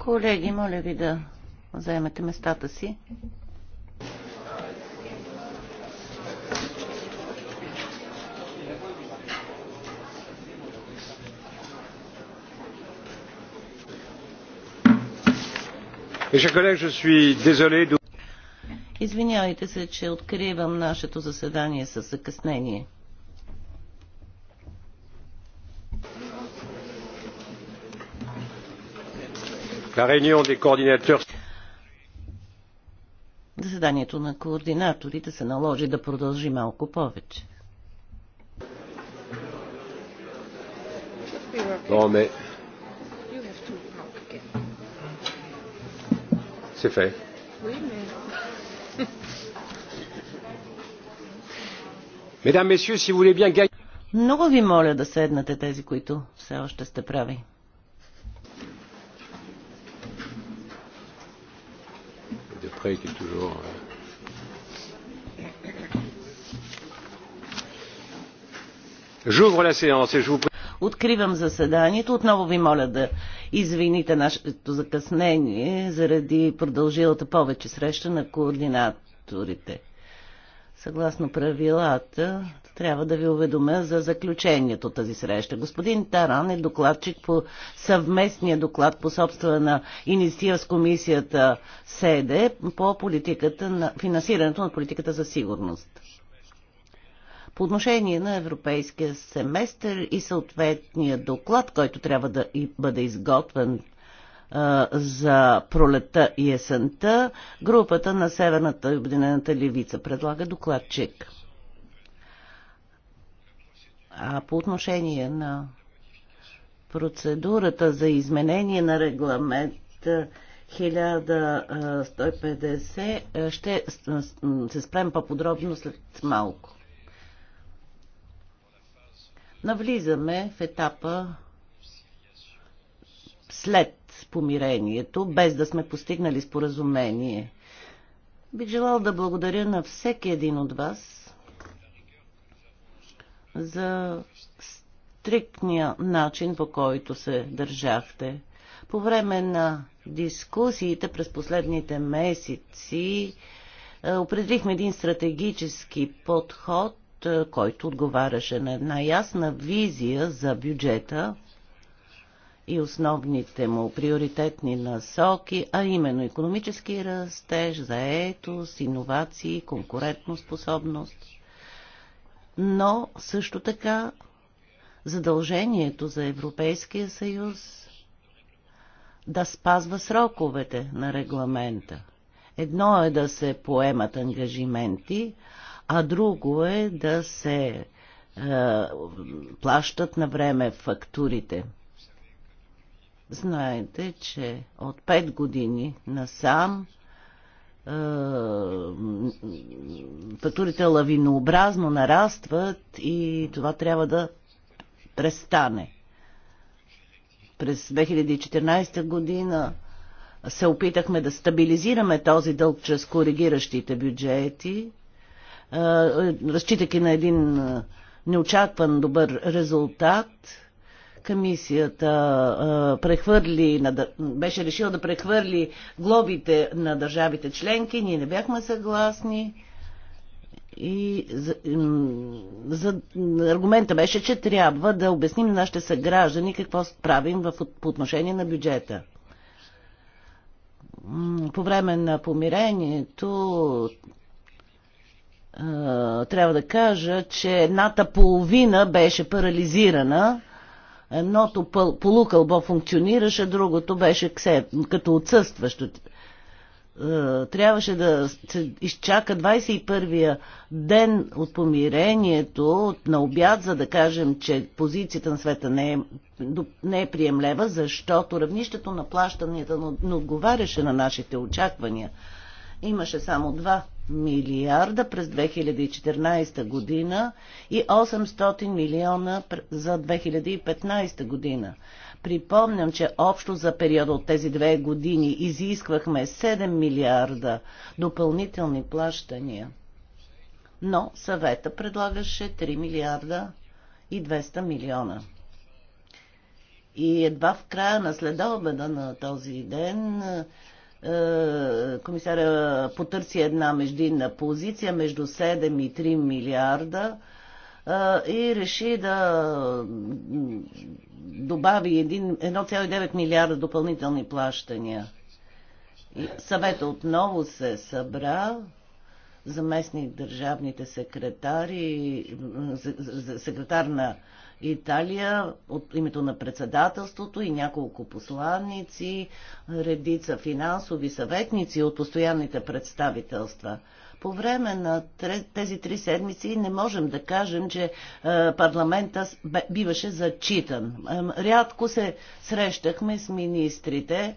Колеги, моля ви да заемете местата си. Извинявайте се, че откривам нашето заседание със закъснение. Заседанието на координаторите се наложи да продължи малко повече. C'est fait. Oui, mais. Mesdames, Messieurs, si vous voulez bien gagner. Много ви моля да седнете тези, които все още сте прави. après qui est toujours. Euh, J'ouvre la séance et je vous Откривам заседанието. Отново ви моля да извините нашето закъснение заради продължилата повече среща на координаторите. Съгласно правилата, трябва да ви уведомя за заключението тази среща. Господин Таран е докладчик по съвместния доклад по собствена инициатива с комисията СЕДЕ по политиката на, финансирането на политиката за сигурност. По отношение на европейския семестър и съответния доклад, който трябва да и бъде изготвен за пролета и есента, групата на Северната и Обединената левица предлага докладчик. А по отношение на процедурата за изменение на регламент 1150 ще се спрем по-подробно след малко. Навлизаме в етапа след помирението, без да сме постигнали споразумение. Бих желал да благодаря на всеки един от вас за стриктния начин, по който се държахте. По време на дискусиите през последните месеци е, определихме един стратегически подход, е, който отговаряше на една ясна визия за бюджета и основните му приоритетни насоки, а именно економически растеж, заетост, иновации, конкурентоспособност. Но също така задължението за Европейския съюз да спазва сроковете на регламента. Едно е да се поемат ангажименти, а друго е да се е, плащат на време фактурите. Знаете, че от 5 години насам е, фактурите лавинообразно нарастват и това трябва да престане. През 2014 година се опитахме да стабилизираме този дълг чрез коригиращите бюджети, е, разчитайки на един е, неочакван добър резултат – комисията прехвърли, беше решила да прехвърли глобите на държавите членки, ние не бяхме съгласни. И за, за, аргумента беше, че трябва да обясним на нашите съграждани какво правим в, по отношение на бюджета. По време на помирението трябва да кажа, че едната половина беше парализирана едното полукълбо функционираше, другото беше ксе, като отсъстващо. Е, трябваше да се изчака 21-я ден от помирението на обяд, за да кажем, че позицията на света не е, не е приемлева, защото равнището на плащанията не отговаряше на нашите очаквания имаше само 2 милиарда през 2014 година и 800 милиона за 2015 година. Припомням, че общо за периода от тези две години изисквахме 7 милиарда допълнителни плащания. Но съвета предлагаше 3 милиарда и 200 милиона. И едва в края на следобеда на този ден е, комисаря потърси една междинна позиция между 7 и 3 милиарда е, и реши да добави 1,9 милиарда допълнителни плащания. И съвета отново се събра, заместник държавните секретари, секретар на Италия от името на председателството и няколко посланници, редица финансови съветници от постоянните представителства. По време на тези три седмици не можем да кажем, че е, парламента биваше зачитан. Рядко се срещахме с министрите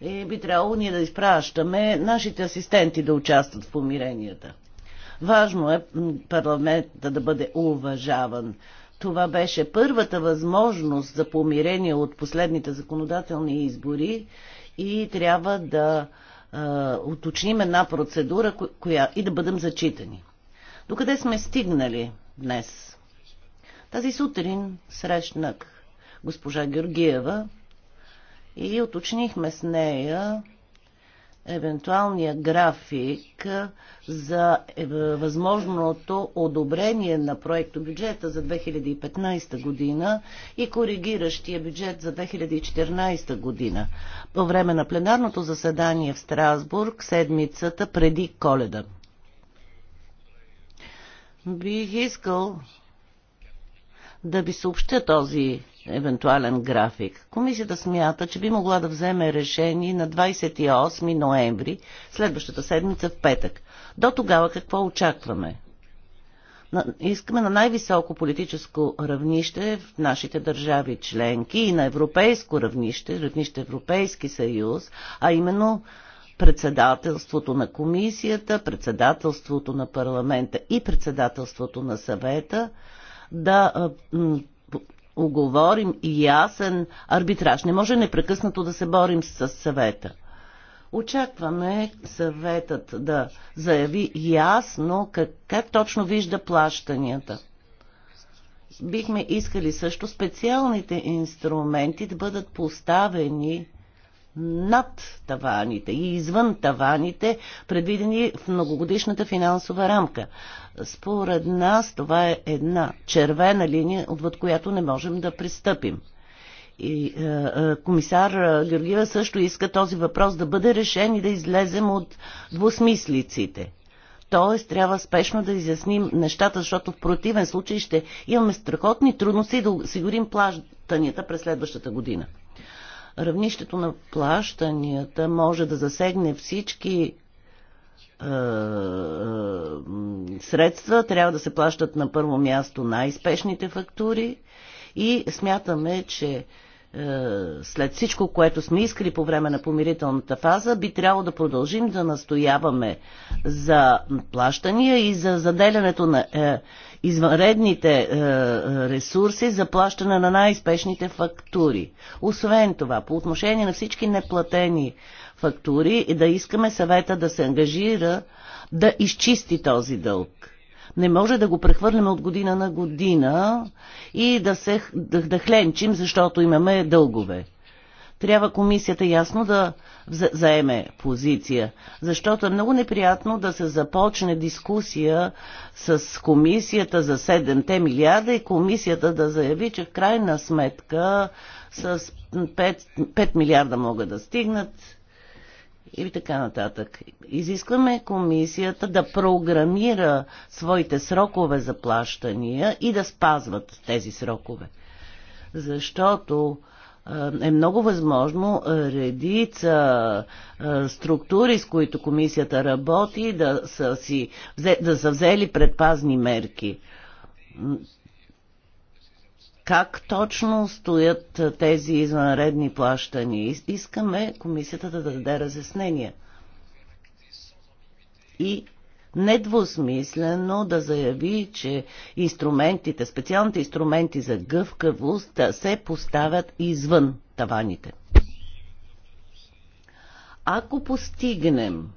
и би трябвало ние да изпращаме нашите асистенти да участват в помиренията. Важно е парламентът да бъде уважаван. Това беше първата възможност за помирение от последните законодателни избори и трябва да а, уточним една процедура коя, и да бъдем зачитани. Докъде сме стигнали днес? Тази сутрин срещнах госпожа Георгиева и уточнихме с нея евентуалния график за е, възможното одобрение на проекто бюджета за 2015 година и коригиращия бюджет за 2014 година по време на пленарното заседание в Страсбург седмицата преди коледа. Бих искал да ви съобща този евентуален график. Комисията смята, че би могла да вземе решение на 28 ноември, следващата седмица в петък. До тогава какво очакваме? Искаме на най-високо политическо равнище в нашите държави членки и на европейско равнище, равнище Европейски съюз, а именно председателството на комисията, председателството на парламента и председателството на съвета да оговорим и ясен арбитраж. Не може непрекъснато да се борим с съвета. Очакваме съветът да заяви ясно как, как точно вижда плащанията. Бихме искали също специалните инструменти да бъдат поставени над таваните и извън таваните, предвидени в многогодишната финансова рамка. Според нас това е една червена линия, отвъд която не можем да пристъпим. И е, е, комисар Георгиева също иска този въпрос да бъде решен и да излезем от двусмислиците. Тоест, трябва спешно да изясним нещата, защото в противен случай ще имаме страхотни трудности да осигурим плащанията през следващата година равнището на плащанията може да засегне всички е, е, средства, трябва да се плащат на първо място най-спешните фактури и смятаме, че е, след всичко, което сме искали по време на помирителната фаза, би трябвало да продължим да настояваме за плащания и за заделянето на е, извънредните е, ресурси за плащане на най-спешните фактури. Освен това, по отношение на всички неплатени фактури, да искаме съвета да се ангажира да изчисти този дълг не може да го прехвърляме от година на година и да, се, да, да хленчим, защото имаме дългове. Трябва комисията ясно да заеме позиция, защото е много неприятно да се започне дискусия с комисията за 7 милиарда и комисията да заяви, че в крайна сметка с 5, 5 милиарда могат да стигнат и така нататък. Изискваме комисията да програмира своите срокове за плащания и да спазват тези срокове. Защото е много възможно редица структури, с които комисията работи, да са, си, да са взели предпазни мерки как точно стоят тези извънредни плащания. Искаме комисията да даде разяснения. И недвусмислено да заяви, че инструментите, специалните инструменти за гъвкавост да се поставят извън таваните. Ако постигнем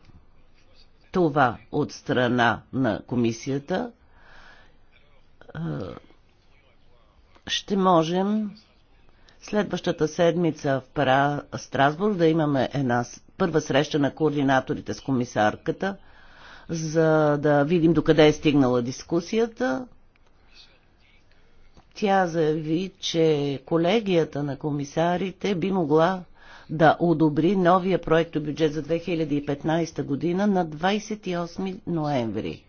това от страна на комисията, ще можем следващата седмица в Пара, Страсбург да имаме една първа среща на координаторите с комисарката, за да видим докъде е стигнала дискусията. Тя заяви, че колегията на комисарите би могла да одобри новия проект бюджет за 2015 година на 28 ноември.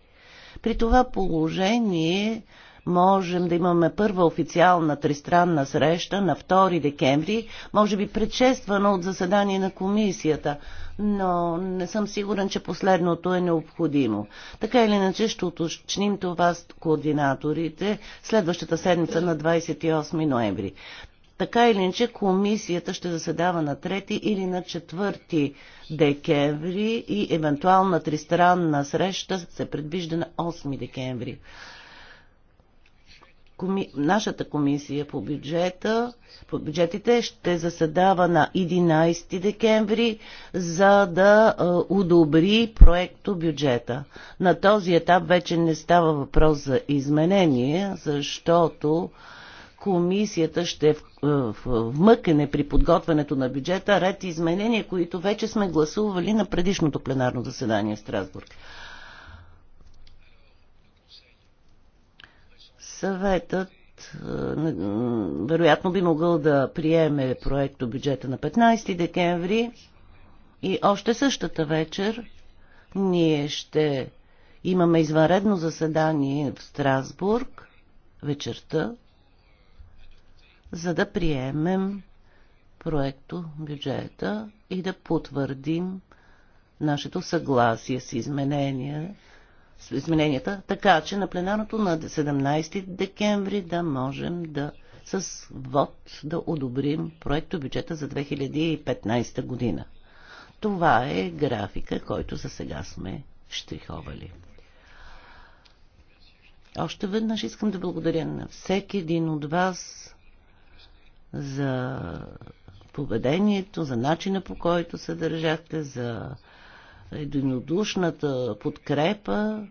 При това положение можем да имаме първа официална тристранна среща на 2 декември, може би предшествана от заседание на комисията, но не съм сигурен, че последното е необходимо. Така или иначе ще уточним това с координаторите следващата седмица на 28 ноември. Така или иначе комисията ще заседава на 3 или на 4 декември и евентуална тристранна среща се предвижда на 8 декември коми... нашата комисия по бюджета, по бюджетите ще заседава на 11 декември, за да е, удобри проекто бюджета. На този етап вече не става въпрос за изменение, защото комисията ще е вмъкне при подготвянето на бюджета ред изменения, които вече сме гласували на предишното пленарно заседание в Страсбург. Съветът е, вероятно би могъл да приеме проекто бюджета на 15 декември и още същата вечер ние ще имаме извънредно заседание в Страсбург вечерта, за да приемем проекто бюджета и да потвърдим нашето съгласие с изменения с измененията, така че на пленарното на 17 декември да можем да с вод да одобрим проекто бюджета за 2015 година. Това е графика, който за сега сме штриховали. Още веднъж искам да благодаря на всеки един от вас за поведението, за начина по който се държахте, за единодушната подкрепа.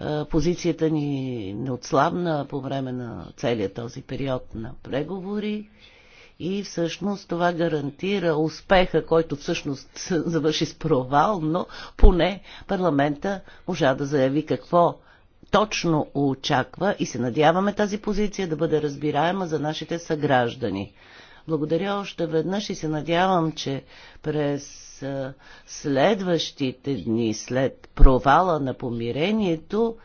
Е, позицията ни не отслабна по време на целият този период на преговори и всъщност това гарантира успеха, който всъщност завърши с провал, но поне парламента можа да заяви какво точно очаква и се надяваме тази позиция да бъде разбираема за нашите съграждани. Благодаря още веднъж и се надявам, че през следващите дни след провала на помирението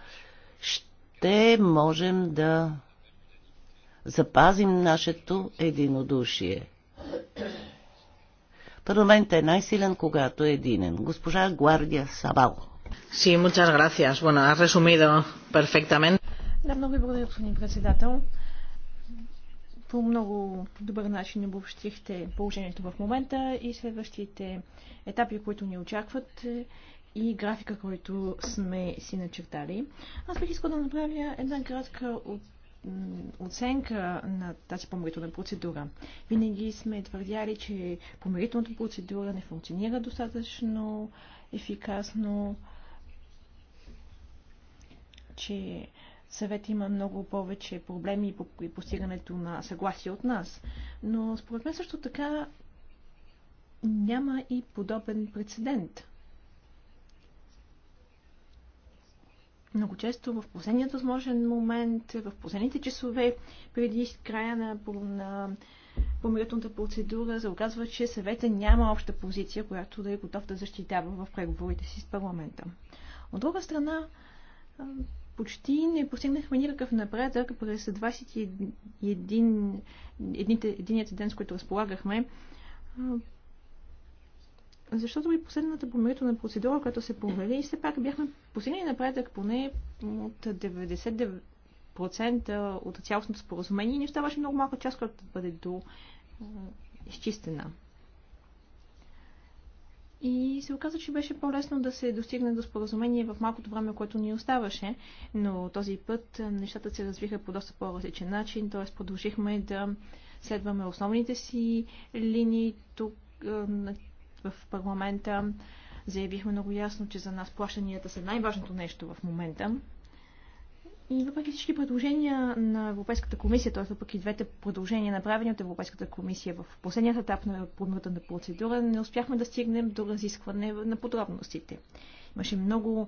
ще можем да запазим нашето единодушие. Парламентът е най-силен, когато е единен. Госпожа Гвардия Сабал. Sí, muchas gracias. Bueno, has resumido perfectamente. Да, много ви благодаря, господин председател. По много добър начин обобщихте положението в момента и следващите етапи, които ни очакват е, и графика, който сме си начертали. Аз бих искал да направя една кратка от оценка на тази помирителна процедура. Винаги сме твърдяли, че помирителната процедура не функционира достатъчно ефикасно, че съвет има много повече проблеми при постигането на съгласие от нас. Но според мен също така няма и подобен прецедент. Много често в последният възможен момент, в последните часове, преди края на, на помирителната процедура, се оказва, че съвета няма обща позиция, която да е готов да защитава в преговорите си с парламента. От друга страна, почти не постигнахме никакъв напредък през 21 единият ден, с който разполагахме, защото и последната помирителна процедура, която се провели, все пак бяхме постигнали напредък поне от 90% от цялостното споразумение и не оставаше много малка част, която да бъде до изчистена. И се оказа, че беше по-лесно да се достигне до споразумение в малкото време, което ни оставаше, но този път нещата се развиха по доста по-различен начин, т.е. продължихме да следваме основните си линии тук в парламента. Заявихме много ясно, че за нас плащанията са най-важното нещо в момента. И въпреки всички предложения на Европейската комисия, т.е. въпреки двете предложения, направени от Европейската комисия в последният етап на на процедура, не успяхме да стигнем до разискване на подробностите. Имаше много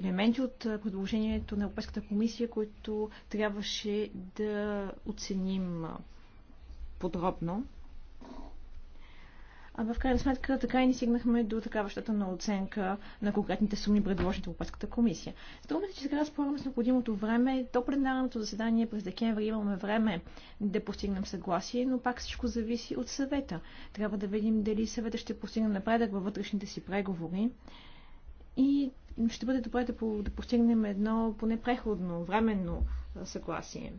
елементи от предложението на Европейската комисия, които трябваше да оценим подробно. А в крайна сметка така и не стигнахме до такаващата на оценка на конкретните суми, предложени от Европейската комисия. Струва се, че сега спорим с необходимото време. До пленарното заседание през декември имаме време да постигнем съгласие, но пак всичко зависи от съвета. Трябва да видим дали съвета ще постигне напредък във вътрешните си преговори. И ще бъде добре да, по да постигнем едно поне преходно, временно съгласие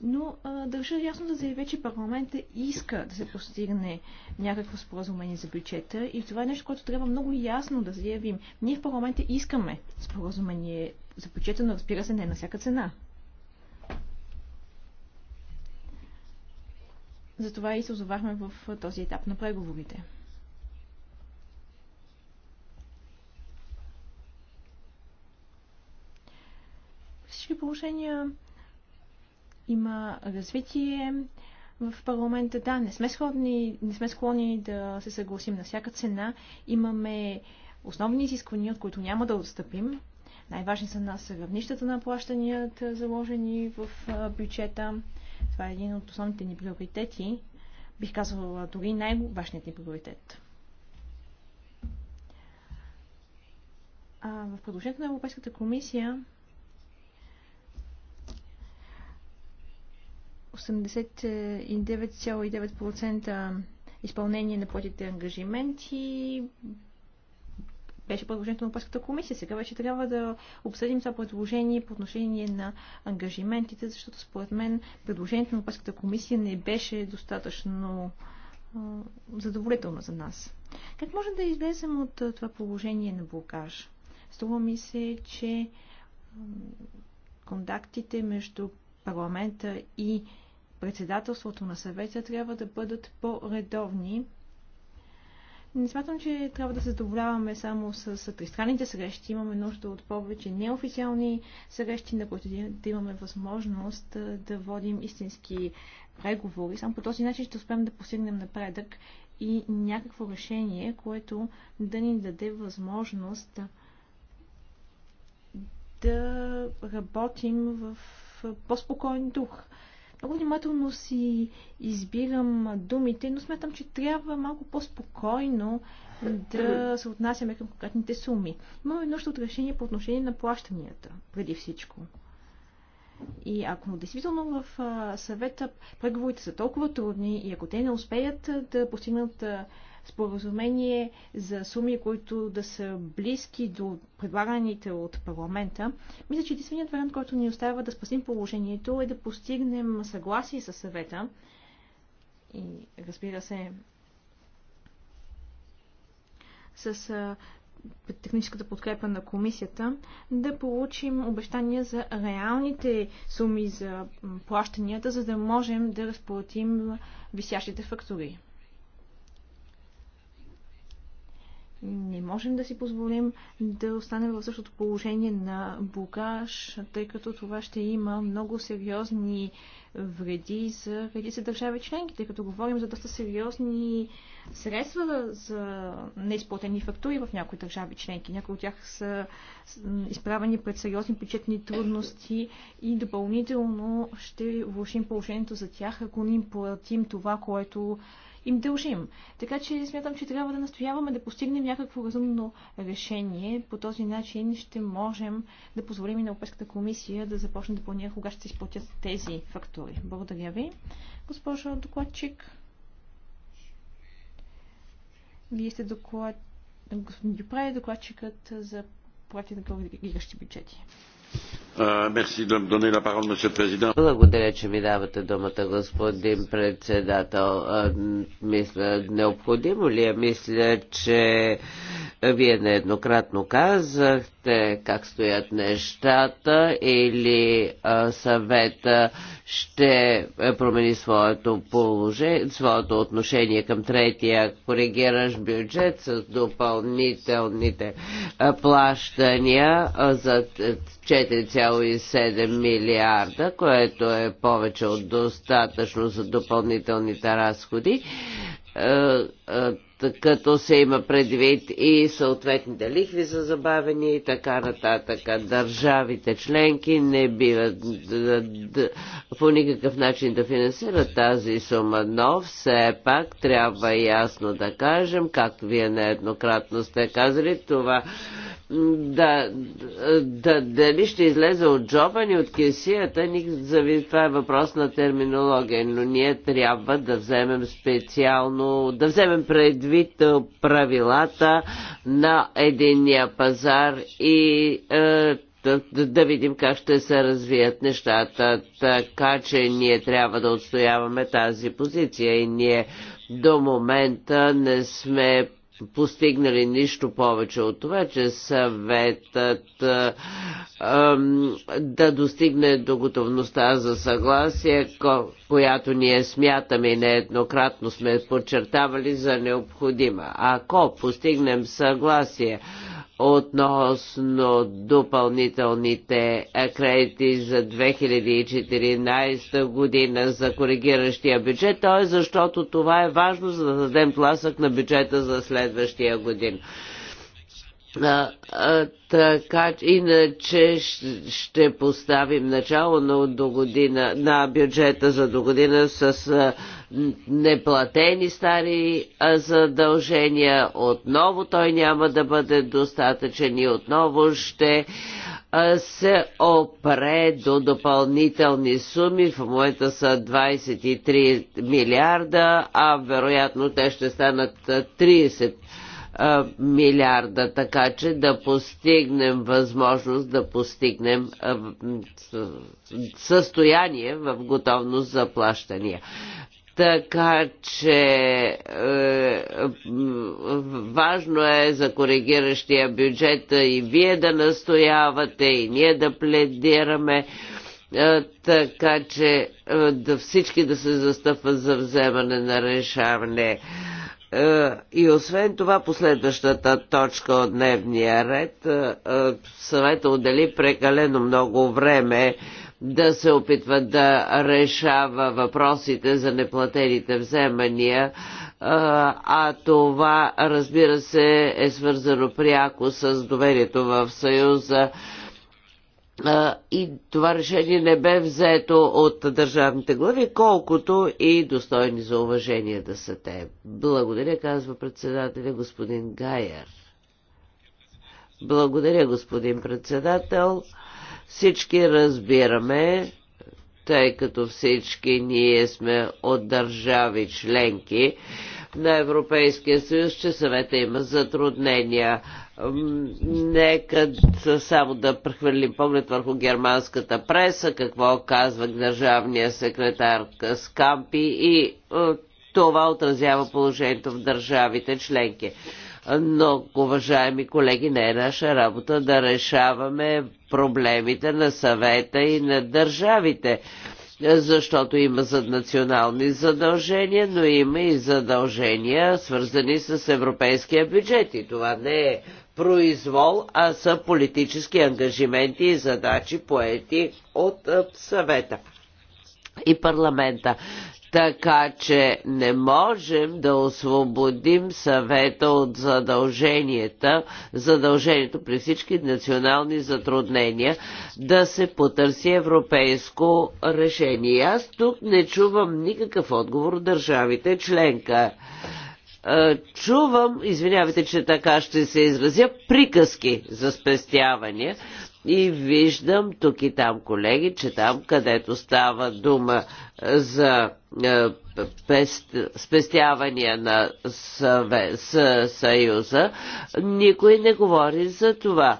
но а, държа ясно да заявя, че парламента иска да се постигне някакво споразумение за бюджета и това е нещо, което трябва много ясно да заявим. Ние в парламента искаме споразумение за бюджета, но разбира се не на всяка цена. Затова и се озовахме в този етап на преговорите. Всички положения има развитие в парламента. Да, не сме, сходни, не сме склонни да се съгласим на всяка цена. Имаме основни изисквания, от които няма да отстъпим. Най-важни за нас равнищата на плащанията, заложени в бюджета. Това е един от основните ни приоритети. Бих казала дори най-важният ни приоритет. А в продължението на Европейската комисия 89,9% изпълнение на платите ангажименти беше предложението на Европейската комисия. Сега вече трябва да обсъдим това предложение по отношение на ангажиментите, защото според мен предложението на Европейската комисия не беше достатъчно а, задоволително за нас. Как можем да излезем от а, това положение на блокаж? Струва ми се, че а, контактите между парламента и председателството на съвета трябва да бъдат по-редовни. Не смятам, че трябва да се задоволяваме само с тристранните срещи. Имаме нужда от повече неофициални срещи, на които да имаме възможност да водим истински преговори. Само по този начин ще успеем да постигнем напредък и някакво решение, което да ни даде възможност да работим в по-спокоен дух. Много внимателно си избирам думите, но смятам, че трябва малко по-спокойно да се отнасяме към конкретните суми. Имаме нужда от решение по отношение на плащанията, преди всичко. И ако действително в съвета преговорите са толкова трудни и ако те не успеят да постигнат споразумение за суми, които да са близки до предлаганите от парламента, мисля, че единственият вариант, който ни остава да спасим положението е да постигнем съгласие с съвета и разбира се с техническата подкрепа на комисията, да получим обещания за реалните суми за плащанията, за да можем да разплатим висящите фактури. Не можем да си позволим да останем в същото положение на блокаж, тъй като това ще има много сериозни вреди за редица държави членки, тъй като говорим за доста сериозни средства за неизплатени фактури в някои държави членки. Някои от тях са изправени пред сериозни печетни трудности и допълнително ще влушим положението за тях, ако не им платим това, което им дължим. Така че смятам, че трябва да настояваме да постигнем някакво разумно решение. По този начин ще можем да позволим и на Европейската комисия да започне да планира кога ще се изплатят тези фактури. Благодаря ви. Госпожо докладчик, вие сте доклад... Господин е докладчикът за проекти на гигащи бюджети. Euh, Благодаря, че ми давате думата, господин председател. Мисля, необходимо ли е? Мисля, че вие нееднократно казахте как стоят нещата или съвета ще промени своето, положение, своето отношение към третия коригираш бюджет с допълнителните плащания за 4, 1,7 милиарда, което е повече от достатъчно за допълнителните разходи е, е, като се има предвид и съответните лихви за забавени и така нататък. Държавите членки не биват да, да, по никакъв начин да финансират тази сума, но все пак трябва ясно да кажем, както вие нееднократно сте казали, това да, да, дали ще излезе от джоба ни, от кесията ни, зави, това е въпрос на терминология, но ние трябва да вземем специално, да вземем пред предвид правилата на единния пазар и да видим как ще се развият нещата. Така че ние трябва да отстояваме тази позиция и ние до момента не сме постигнали нищо повече от това, че съветът а, а, да достигне до готовността за съгласие, която ние смятаме и нееднократно сме подчертавали за необходима. Ако постигнем съгласие относно допълнителните кредити за 2014 година за коригиращия бюджет, т.е. защото това е важно, за да дадем тласък на бюджета за следващия година. А, а, така, иначе ще поставим начало на, до година, на бюджета за до година с а, неплатени стари задължения. Отново той няма да бъде достатъчен и отново ще се опре до допълнителни суми. В момента са 23 милиарда, а вероятно те ще станат 30 милиарда, така че да постигнем възможност да постигнем състояние в готовност за плащания. Така че е, важно е за коригиращия бюджет и вие да настоявате, и ние да пледираме, е, така че е, да всички да се застъпват за вземане на решаване. Е, е, и освен това, последващата точка от дневния ред, е, е, съвета отдели прекалено много време да се опитва да решава въпросите за неплатените вземания, а това, разбира се, е свързано пряко с доверието в Съюза и това решение не бе взето от държавните глави, колкото и достойни за уважение да са те. Благодаря, казва председателя господин Гайер. Благодаря, господин председател. Всички разбираме, тъй като всички ние сме от държави членки на Европейския съюз, че съвета има затруднения. Нека само да прехвърлим поглед върху германската преса, какво казва държавния секретар Скампи и това отразява положението в държавите членки. Но, уважаеми колеги, не е наша работа да решаваме проблемите на съвета и на държавите защото има заднационални задължения, но има и задължения свързани с европейския бюджет и това не е произвол, а са политически ангажименти и задачи поети от е, съвета и парламента. Така че не можем да освободим съвета от задълженията, задължението при всички национални затруднения да се потърси европейско решение. Аз тук не чувам никакъв отговор от държавите членка. Е, чувам, извинявайте, че така ще се изразя, приказки за спестявания и виждам тук и там колеги, че там където става дума е, за е, спестявания на Съюза, никой не говори за това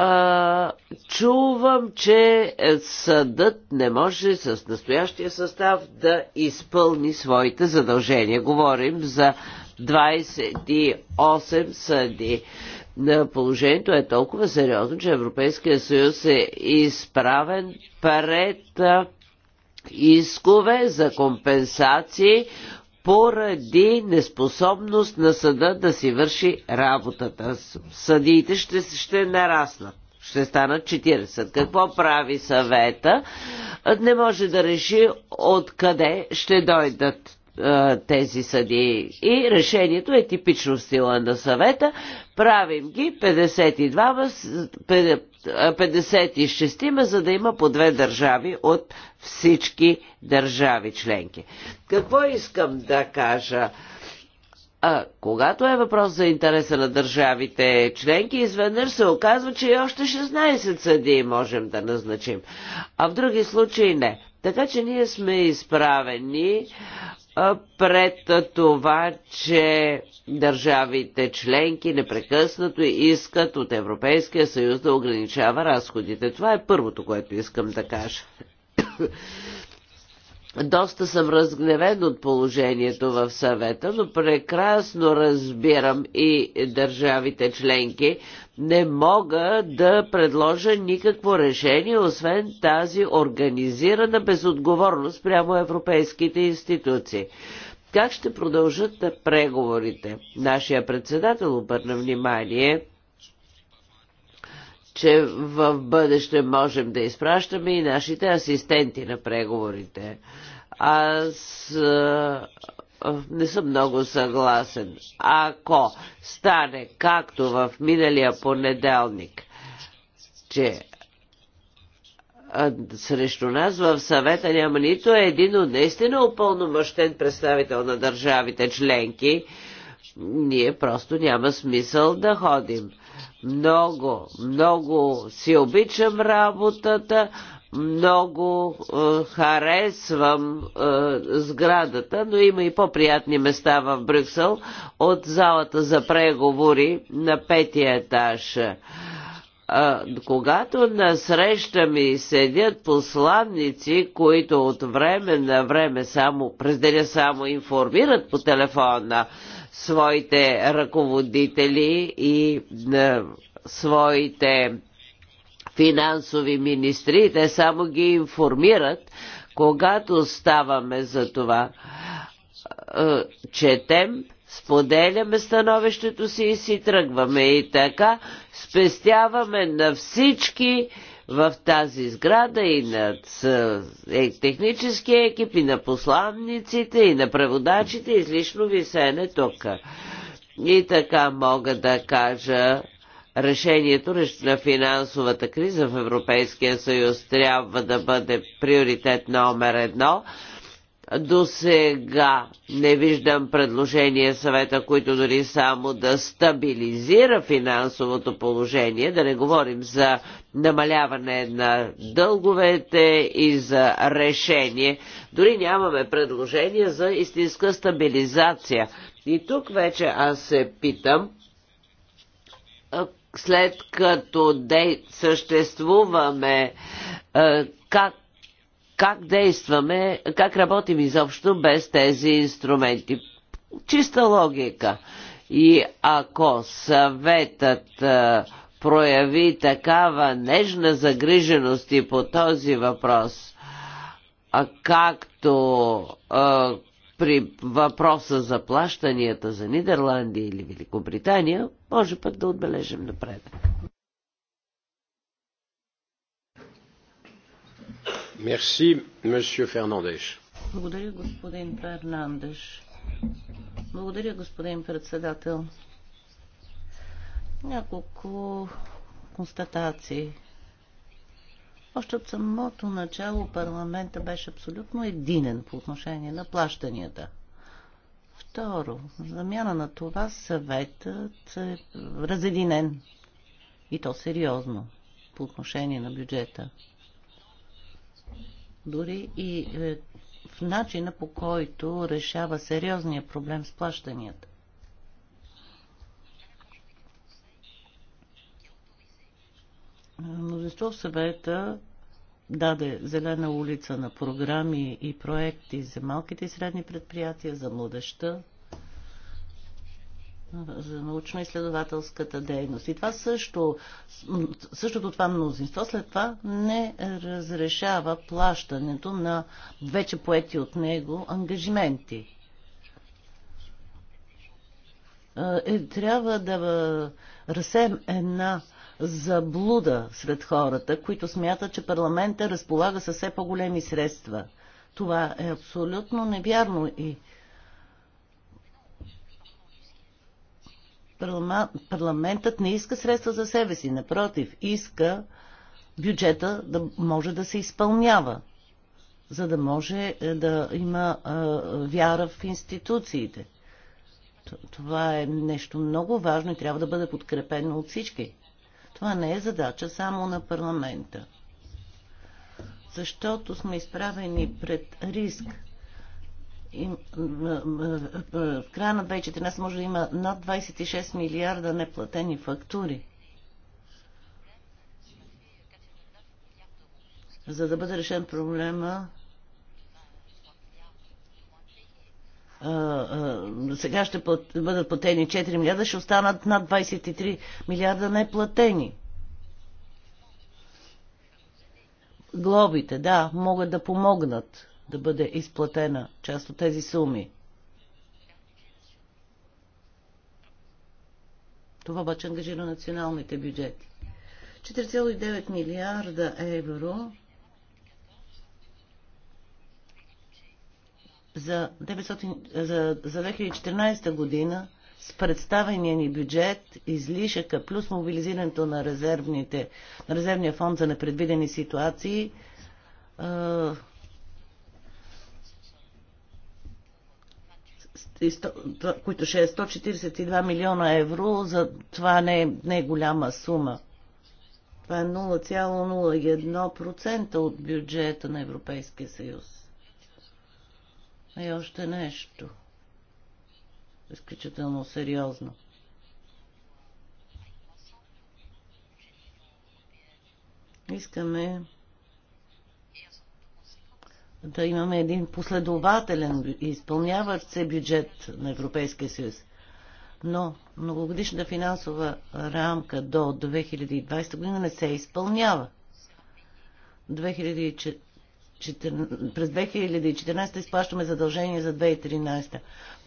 а, чувам, че съдът не може с настоящия състав да изпълни своите задължения. Говорим за 28 съди. Положението е толкова сериозно, че Европейския съюз е изправен пред искове за компенсации поради неспособност на съда да си върши работата. Съдиите ще, ще нараснат. Ще станат 40. Какво прави съвета? Не може да реши откъде ще дойдат е, тези съдии. И решението е типично в стила на съвета. Правим ги 52, 56, е, за да има по две държави от всички държави членки. Какво искам да кажа? А когато е въпрос за интереса на държавите членки, изведнъж се оказва, че и още 16 съдии можем да назначим. А в други случаи не. Така че ние сме изправени пред това, че държавите членки непрекъснато искат от Европейския съюз да ограничава разходите. Това е първото, което искам да кажа. Доста съм разгневен от положението в съвета, но прекрасно разбирам и държавите членки. Не мога да предложа никакво решение, освен тази организирана безотговорност прямо европейските институции. Как ще продължат преговорите? Нашия председател обърна внимание – че в бъдеще можем да изпращаме и нашите асистенти на преговорите. Аз не съм много съгласен. Ако стане както в миналия понеделник, че срещу нас в съвета няма нито един от наистина упълномощен представител на държавите членки, ние просто няма смисъл да ходим. Много, много си обичам работата, много е, харесвам е, сградата, но има и по-приятни места в Брюксел от залата за преговори на петия етаж. Е, когато насреща ми седят посланници, които от време на време само, през деня само информират по телефона, своите ръководители и на е, своите финансови министри. Те само ги информират, когато ставаме за това. Е, четем, споделяме становището си и си тръгваме. И така спестяваме на всички в тази сграда и на е, техническия екип, и на посланниците, и на преводачите, излишно висене тук. И така мога да кажа, решението на финансовата криза в Европейския съюз трябва да бъде приоритет номер едно – до сега не виждам предложение съвета, които дори само да стабилизира финансовото положение, да не говорим за намаляване на дълговете и за решение. Дори нямаме предложение за истинска стабилизация. И тук вече аз се питам, след като де съществуваме, как как действаме, как работим изобщо без тези инструменти. Чиста логика. И ако съветът е, прояви такава нежна загриженост и по този въпрос, а както а, е, при въпроса за плащанията за Нидерландия или Великобритания, може пък да отбележим напредък. Merci, monsieur Благодаря, господин Фернандеш. Благодаря, господин председател. Няколко констатации. Още от самото начало парламента беше абсолютно единен по отношение на плащанията. Второ, замяна на това съветът е разединен. И то сериозно по отношение на бюджета дори и е, в начина по който решава сериозния проблем с плащанията. Множество в съвета даде зелена улица на програми и проекти за малките и средни предприятия, за младеща, за научно-изследователската дейност. И това също, същото това мнозинство след това не разрешава плащането на вече поети от него ангажименти. Е, трябва да разсем една заблуда сред хората, които смятат, че парламента разполага със все по-големи средства. Това е абсолютно невярно и парламентът не иска средства за себе си. Напротив, иска бюджета да може да се изпълнява, за да може е, да има е, вяра в институциите. Това е нещо много важно и трябва да бъде подкрепено от всички. Това не е задача само на парламента. Защото сме изправени пред риск в края на 2014 може да има над 26 милиарда неплатени фактури. За да бъде решен проблема, а, а, сега ще плат, бъдат платени 4 милиарда, ще останат над 23 милиарда неплатени. Глобите, да, могат да помогнат да бъде изплатена част от тези суми. Това обаче ангажира националните бюджети. 4,9 милиарда евро за, 900, за, за 2014 година с представения ни бюджет, излишъка плюс мобилизирането на, резервните, на резервния фонд за непредвидени ситуации, които ще е 142 милиона евро, за това не е, не е голяма сума. Това е 0,01% от бюджета на Европейския съюз. И още нещо. Изключително сериозно. Искаме да имаме един последователен, изпълняващ се бюджет на Европейския съюз. Но многогодишната финансова рамка до 2020 година не се изпълнява. 2014, През 2014 изплащаме задължения за 2013.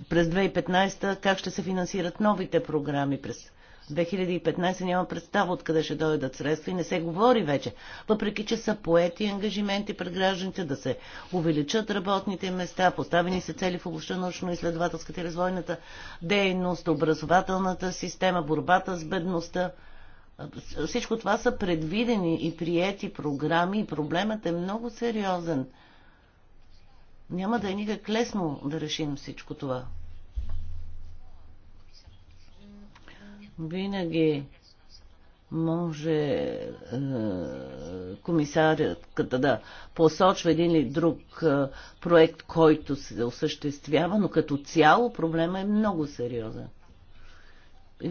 През 2015 как ще се финансират новите програми през 2015 няма представа откъде ще дойдат средства и не се говори вече, въпреки че са поети ангажименти пред гражданите да се увеличат работните места, поставени се цели в областта научно-изследователската и развойната дейност, образователната система, борбата с бедността. Всичко това са предвидени и приети програми и проблемът е много сериозен. Няма да е никак лесно да решим всичко това. Винаги може е, комисарят да посочва един или друг е, проект, който се осъществява, но като цяло проблема е много сериозен. И,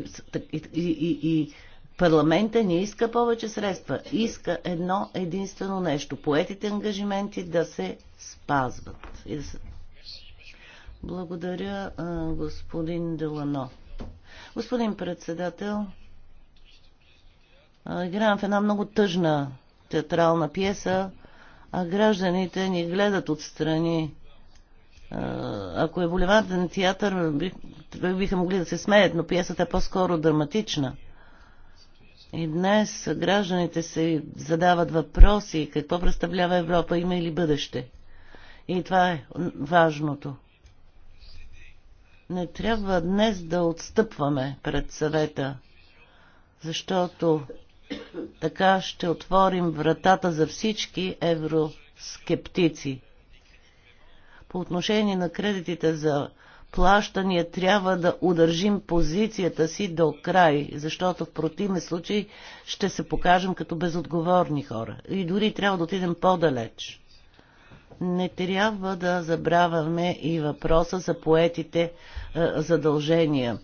и, и, и парламента не иска повече средства, иска едно единствено нещо поетите ангажименти да се спазват. И да се... Благодаря, е, господин Делано. Господин председател, играем в една много тъжна театрална пиеса, а гражданите ни гледат отстрани. Ако е булеварден театър, бих, биха могли да се смеят, но пиесата е по-скоро драматична. И днес гражданите се задават въпроси какво представлява Европа, има или бъдеще. И това е важното. Не трябва днес да отстъпваме пред съвета, защото така ще отворим вратата за всички евроскептици. По отношение на кредитите за плащания трябва да удържим позицията си до край, защото в противен случай ще се покажем като безотговорни хора. И дори трябва да отидем по-далеч. Не трябва да забравяме и въпроса за поетите е, задължения.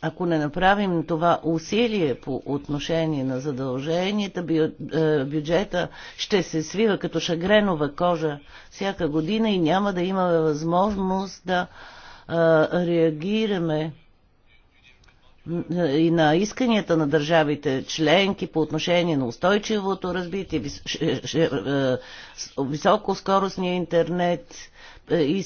Ако не направим това усилие по отношение на задълженията, е, бюджета ще се свива като шагренова кожа всяка година и няма да имаме възможност да реагираме е, и на исканията на държавите членки по отношение на устойчивото развитие, високоскоростния интернет, и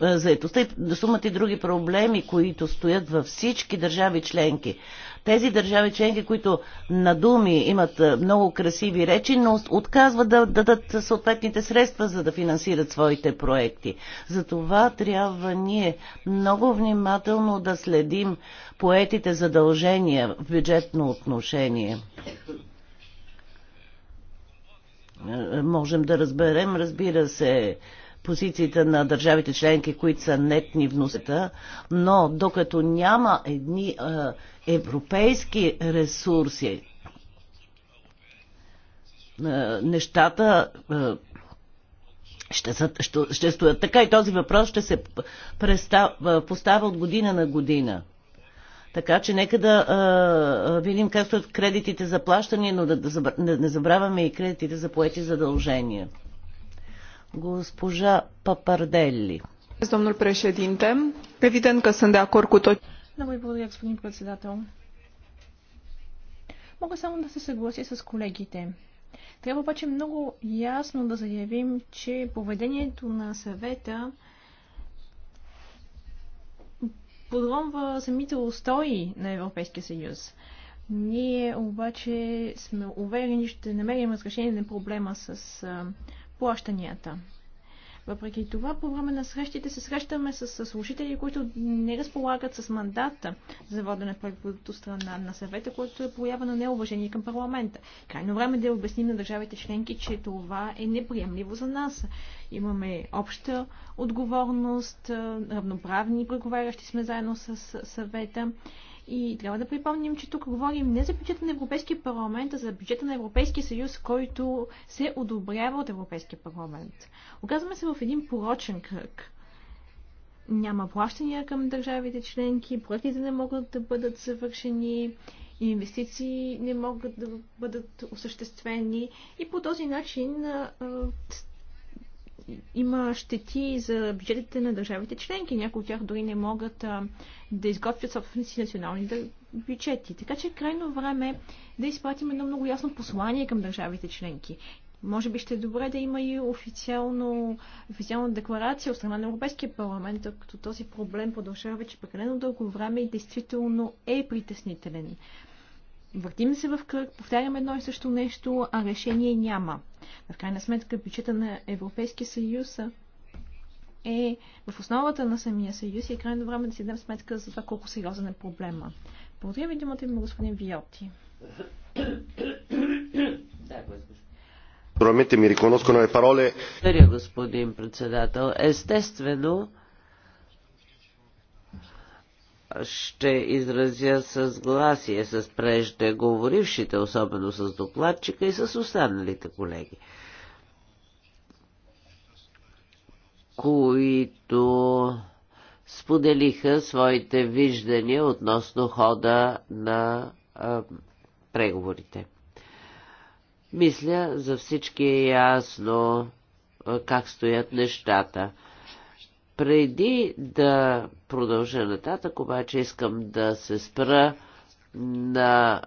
заедостта и сумата и други проблеми, които стоят във всички държави членки. Тези държави членки, които на думи имат много красиви речи, но отказват да дадат съответните средства, за да финансират своите проекти. Затова трябва ние много внимателно да следим поетите задължения в бюджетно отношение е, е, можем да разберем, разбира се, позициите на държавите членки, които са нетни вносета, но докато няма едни европейски ресурси, нещата ще, ще, ще стоят така и този въпрос ще се престав, поставя от година на година. Така че нека да а, видим как стоят кредитите за плащане, но да, да, не, не забравяме и кредитите за поети задължения. Госпожа Папарделли. Domnul președinte, evident că sunt de acord cu tot. Много ви благодаря, господин председател. Мога само да се съгласи с колегите. Трябва обаче много ясно да заявим, че поведението на съвета подронва самите устои на Европейския съюз. Ние обаче сме уверени, ще намерим разрешение на проблема с плащанията. Въпреки това, по време на срещите се срещаме с, служители, които не разполагат с мандата за водене от страна на съвета, което е проява на неуважение към парламента. Крайно време е да обясним на държавите членки, че това е неприемливо за нас. Имаме обща отговорност, равноправни преговарящи сме заедно с съвета и трябва да припомним, че тук говорим не за бюджета на Европейския парламент, а за бюджета на Европейския съюз, който се одобрява от Европейския парламент. Оказваме се в един порочен кръг. Няма плащания към държавите членки, проектите не могат да бъдат завършени, инвестиции не могат да бъдат осъществени и по този начин има щети за бюджетите на държавите членки. Някои от тях дори не могат а, да изготвят собствените си национални бюджети. Така че е крайно време да изпратим едно много ясно послание към държавите членки. Може би ще е добре да има и официално, официална декларация от страна на Европейския парламент, тъй като този проблем продължава вече прекалено дълго време и действително е притеснителен. Въртим се в кръг, повтаряме едно и също нещо, а решение няма. В крайна сметка бюджета на Европейския съюз е в основата на самия съюз и е крайно време да си дадем сметка за това колко сериозен е проблема. Благодаря ви думата има господин Виоти. Благодаря, господин председател. Естествено, ще изразя съгласие с преждеговорившите, особено с докладчика и с останалите колеги, които споделиха своите виждания относно хода на а, преговорите. Мисля, за всички е ясно а, как стоят нещата – преди да продължа нататък, обаче искам да се спра на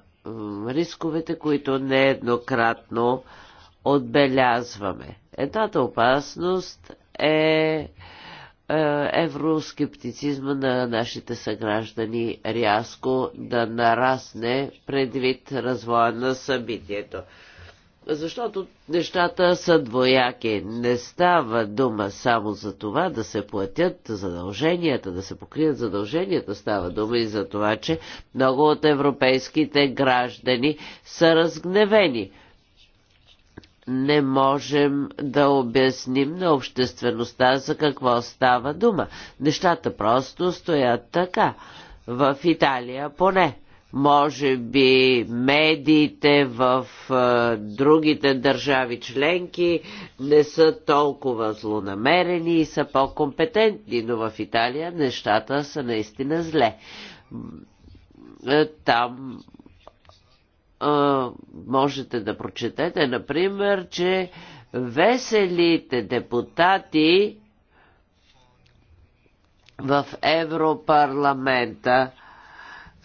рисковете, които нееднократно отбелязваме. Едната опасност е, е евроскептицизма на нашите съграждани рязко да нарасне предвид развоя на събитието. Защото нещата са двояки. Не става дума само за това да се платят задълженията, да се покрият задълженията. Става дума и за това, че много от европейските граждани са разгневени не можем да обясним на обществеността за какво става дума. Нещата просто стоят така. В Италия поне може би медиите в а, другите държави членки не са толкова злонамерени и са по-компетентни, но в Италия нещата са наистина зле. Е, там а, можете да прочетете, например, че веселите депутати в Европарламента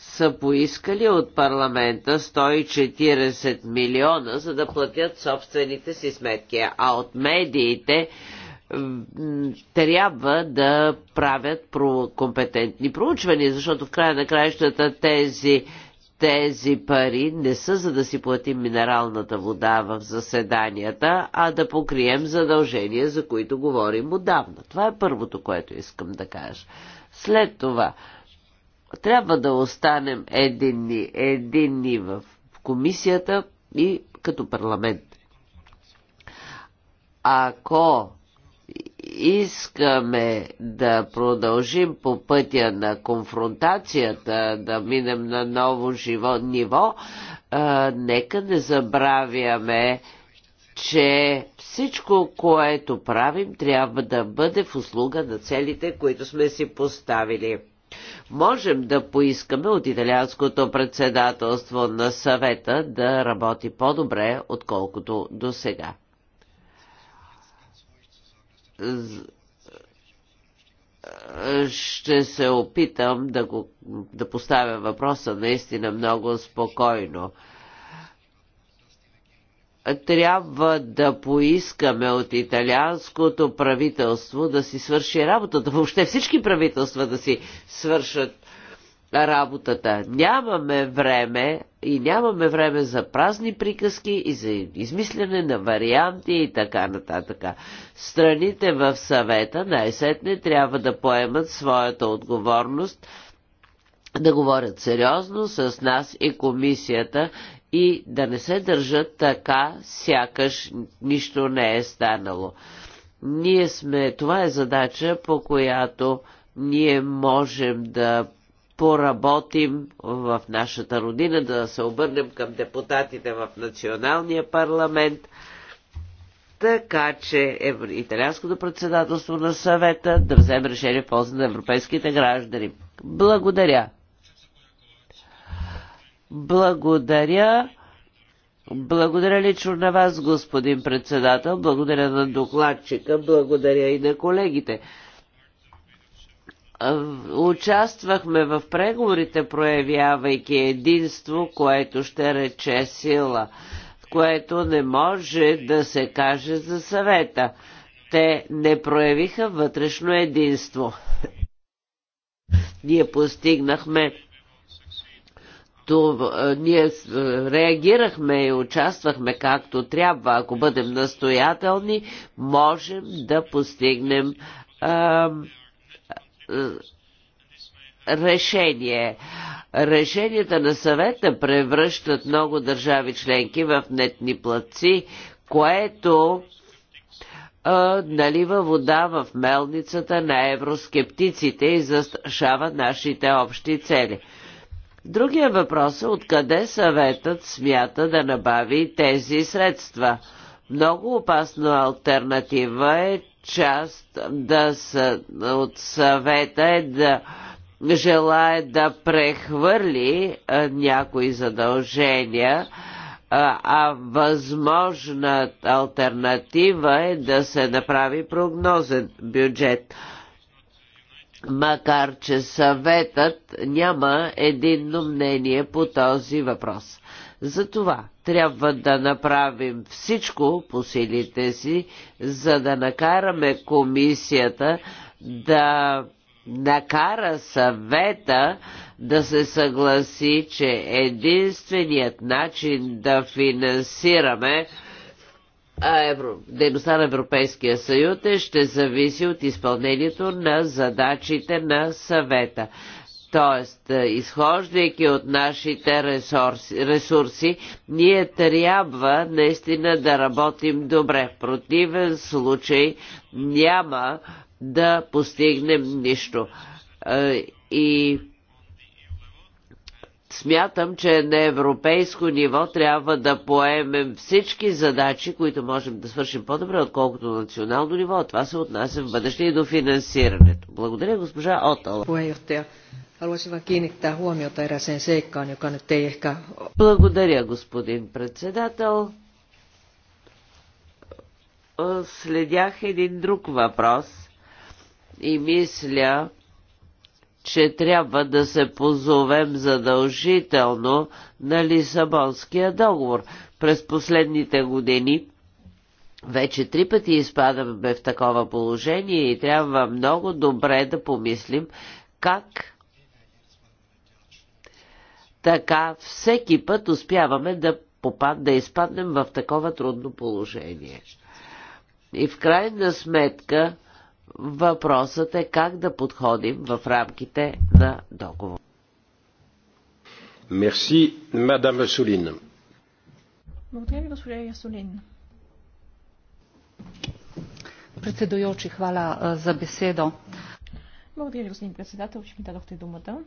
са поискали от парламента 140 милиона, за да платят собствените си сметки, а от медиите трябва да правят компетентни проучвания, защото в края на краищата тези тези пари не са за да си платим минералната вода в заседанията, а да покрием задължения, за които говорим отдавна. Това е първото, което искам да кажа. След това, трябва да останем единни, единни в комисията и като парламент. Ако искаме да продължим по пътя на конфронтацията, да минем на ново живо ниво, а, нека не забравяме, че всичко, което правим, трябва да бъде в услуга на целите, които сме си поставили можем да поискаме от италианското председателство на съвета да работи по-добре, отколкото до сега. Ще се опитам да, го, да поставя въпроса наистина много спокойно трябва да поискаме от италианското правителство да си свърши работата. Въобще всички правителства да си свършат работата. Нямаме време и нямаме време за празни приказки и за измислене на варианти и така нататък. Страните в съвета най-сетне трябва да поемат своята отговорност да говорят сериозно с нас и комисията и да не се държат така, сякаш нищо не е станало. Ние сме, това е задача, по която ние можем да поработим в нашата родина, да се обърнем към депутатите в националния парламент, така че италианското председателство на съвета да вземе решение в полза на европейските граждани. Благодаря. Благодаря. Благодаря лично на вас, господин председател. Благодаря на докладчика. Благодаря и на колегите. Участвахме в преговорите, проявявайки единство, което ще рече сила, което не може да се каже за съвета. Те не проявиха вътрешно единство. Ние постигнахме а, ние реагирахме и участвахме както трябва. Ако бъдем настоятелни, можем да постигнем а, а, решение. Решенията на съвета превръщат много държави членки в нетни плаци, което налива вода в мелницата на евроскептиците и застрашава нашите общи цели. Другия въпрос е откъде съветът смята да набави тези средства. Много опасна альтернатива е част да са, от съвета е да желая да прехвърли а, някои задължения, а, а възможна альтернатива е да се направи прогнозен бюджет макар че съветът няма единно мнение по този въпрос. Затова трябва да направим всичко по силите си, за да накараме комисията да накара съвета да се съгласи, че единственият начин да финансираме евро, дейността на Европейския съюз е, ще зависи от изпълнението на задачите на съвета. Тоест, е, изхождайки от нашите ресурси, ресурси, ние трябва наистина да работим добре. В противен случай няма да постигнем нищо. Е, и Смятам, че на европейско ниво трябва да поемем всички задачи, които можем да свършим по-добре, отколкото на национално ниво. Това се отнася в бъдеще и до финансирането. Благодаря, госпожа Отала. Благодаря, господин председател. Следях един друг въпрос и мисля, че трябва да се позовем задължително на Лисабонския договор. През последните години вече три пъти изпадаме в такова положение и трябва много добре да помислим как така всеки път успяваме да, попад, да изпаднем в такова трудно положение. И в крайна сметка Въпросът е как да подходим в рамките на договор. Мерси, мадам Ясулин. Благодаря ви, госпожа Ясулин. Председуючи, хвала за беседо. Благодаря ви, господин председател, че ми дадохте думата.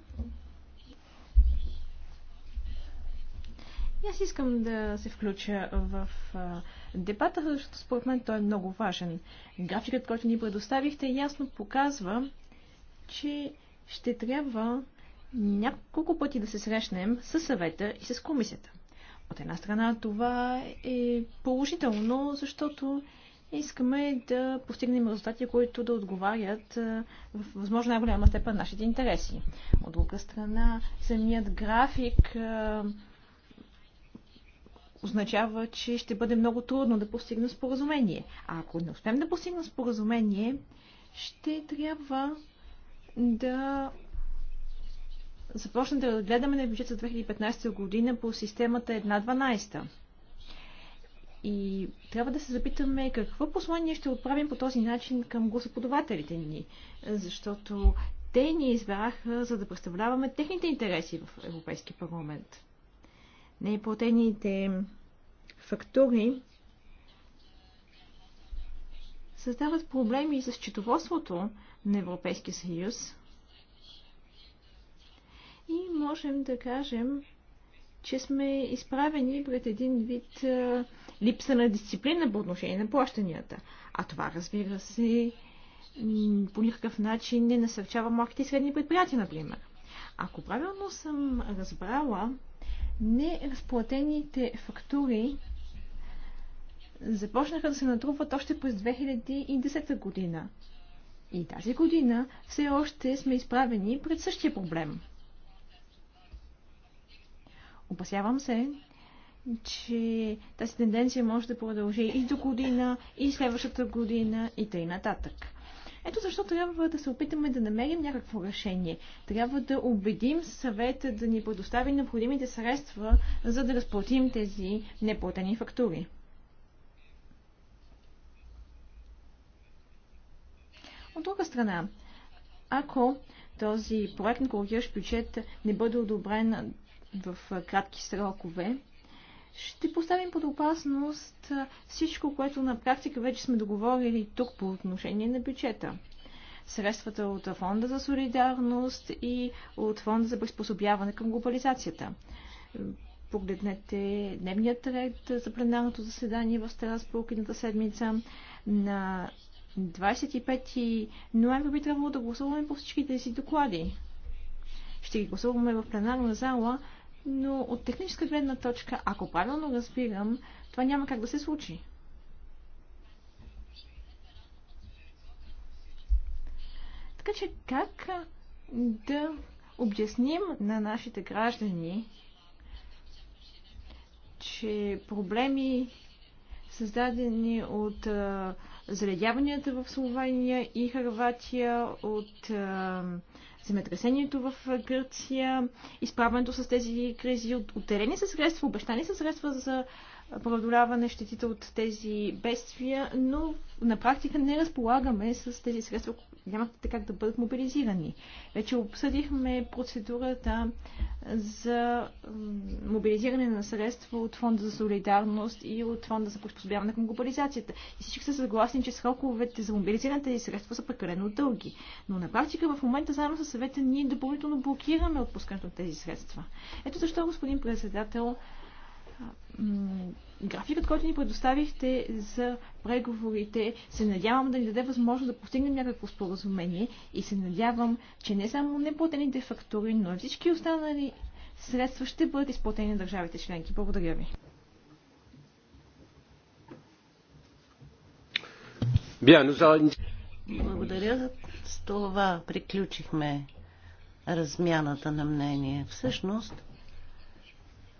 Аз искам да се включа в а, дебата, защото според мен той е много важен. Графикът, който ни предоставихте, ясно показва, че ще трябва няколко пъти да се срещнем с съвета и с комисията. От една страна това е положително, защото искаме да постигнем резултати, които да отговарят в възможно най-голяма степен нашите интереси. От друга страна, самият график означава, че ще бъде много трудно да постигна споразумение. А ако не успеем да постигна споразумение, ще трябва да започнем да гледаме на бюджет за 2015 година по системата 1.12. И трябва да се запитаме какво послание ще отправим по този начин към гласоподавателите ни, защото те ни избраха за да представляваме техните интереси в Европейски парламент неплатените фактури създават проблеми с счетоводството на Европейския съюз. И можем да кажем, че сме изправени пред един вид а, липса на дисциплина по отношение на плащанията. А това, разбира се, по никакъв начин не насърчава малките и средни предприятия, например. Ако правилно съм разбрала, неразплатените фактури започнаха да се натрупват още през 2010 година. И тази година все още сме изправени пред същия проблем. Опасявам се, че тази тенденция може да продължи и до година, и следващата година, и тъй нататък. Ето защо трябва да се опитаме да намерим някакво решение. Трябва да убедим съвета да ни предостави необходимите средства, за да разплатим тези неплатени фактури. От друга страна, ако този проект на коригиращ бюджет не бъде одобрен в кратки срокове, ще поставим под опасност всичко, което на практика вече сме договорили тук по отношение на бюджета. Средствата от Фонда за солидарност и от Фонда за приспособяване към глобализацията. Погледнете дневният ред за пленарното заседание в Страсбург едната седмица. На 25 ноември би трябвало да гласуваме по всички тези доклади. Ще ги гласуваме в пленарна зала, но от техническа гледна точка, ако правилно разбирам, това няма как да се случи. Така че как да обясним на нашите граждани, че проблеми създадени от а, заледяванията в Словения и Харватия, от а, земетресението в Гърция, изправенето с тези кризи, отделени са средства, обещани са средства за преодоляване щетите от тези бедствия, но на практика не разполагаме с тези средства, няма как да бъдат мобилизирани. Вече обсъдихме процедурата за мобилизиране на средства от Фонда за солидарност и от Фонда за приспособяване към глобализацията. И всички са съгласни, че сроковете за мобилизиране на тези средства са прекалено дълги. Но на практика в момента заедно с съвета, ние допълнително блокираме отпускането на тези средства. Ето защо, господин председател, графикът, който ни предоставихте за преговорите, се надявам да ни даде възможност да постигнем някакво споразумение и се надявам, че не само неплатените фактури, но и всички останали средства ще бъдат изплатени на държавите членки. Благодаря ви. Благодаря това приключихме размяната на мнение. Всъщност,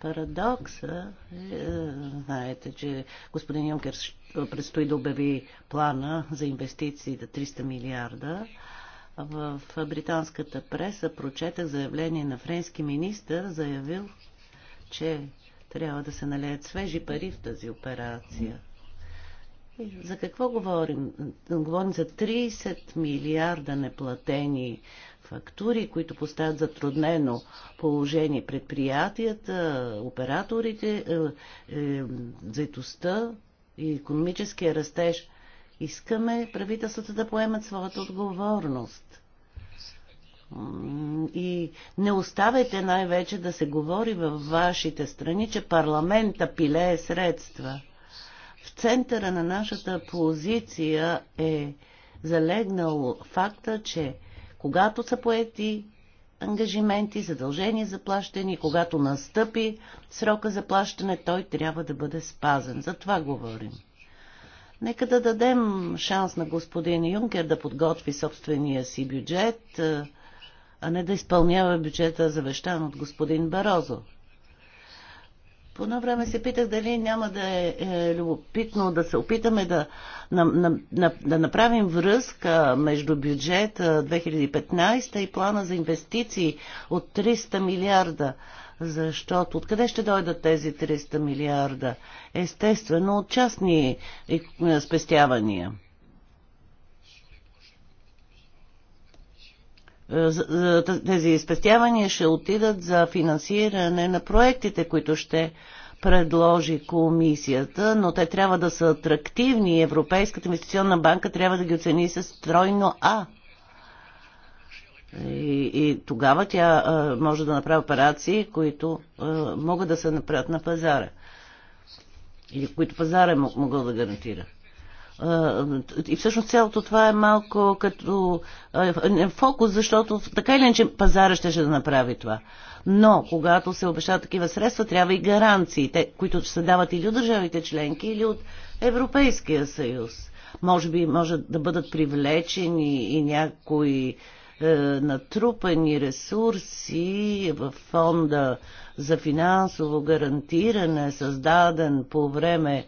парадокса, е, е знаете, че господин Юнкер предстои да обяви плана за инвестиции за 300 милиарда. В британската преса прочетах заявление на френски министр, заявил, че трябва да се налеят свежи пари в тази операция. За какво говорим? Говорим за 30 милиарда неплатени фактури, които поставят затруднено положение предприятията, операторите, е, е, заетостта и економическия растеж. Искаме правителствата да поемат своята отговорност. И не оставайте най-вече да се говори във вашите страни, че парламента пилее средства – центъра на нашата позиция е залегнал факта, че когато са поети ангажименти, задължения за плащане, когато настъпи срока за плащане, той трябва да бъде спазен. За това говорим. Нека да дадем шанс на господин Юнкер да подготви собствения си бюджет, а не да изпълнява бюджета завещан от господин Барозо. По едно време се питах дали няма да е, е любопитно да се опитаме да, на, на, на, да направим връзка между бюджет 2015 и плана за инвестиции от 300 милиарда. Защото откъде ще дойдат тези 300 милиарда? Естествено от частни е, спестявания. Е, тези спестявания ще отидат за финансиране на проектите, които ще предложи комисията, но те трябва да са атрактивни. Европейската инвестиционна банка трябва да ги оцени с тройно А. И, и тогава тя а, е, може да направи операции, които а, е, могат да се направят на пазара. Или които пазара е могъл да гарантира. И всъщност цялото това е малко като е, е, фокус, защото така или иначе пазара ще, ще да направи това. Но, когато се обещават такива средства, трябва и гаранции, те, които се дават или от държавите членки, или от Европейския съюз. Може би може да бъдат привлечени и някои е, натрупани ресурси в фонда за финансово гарантиране, създаден по време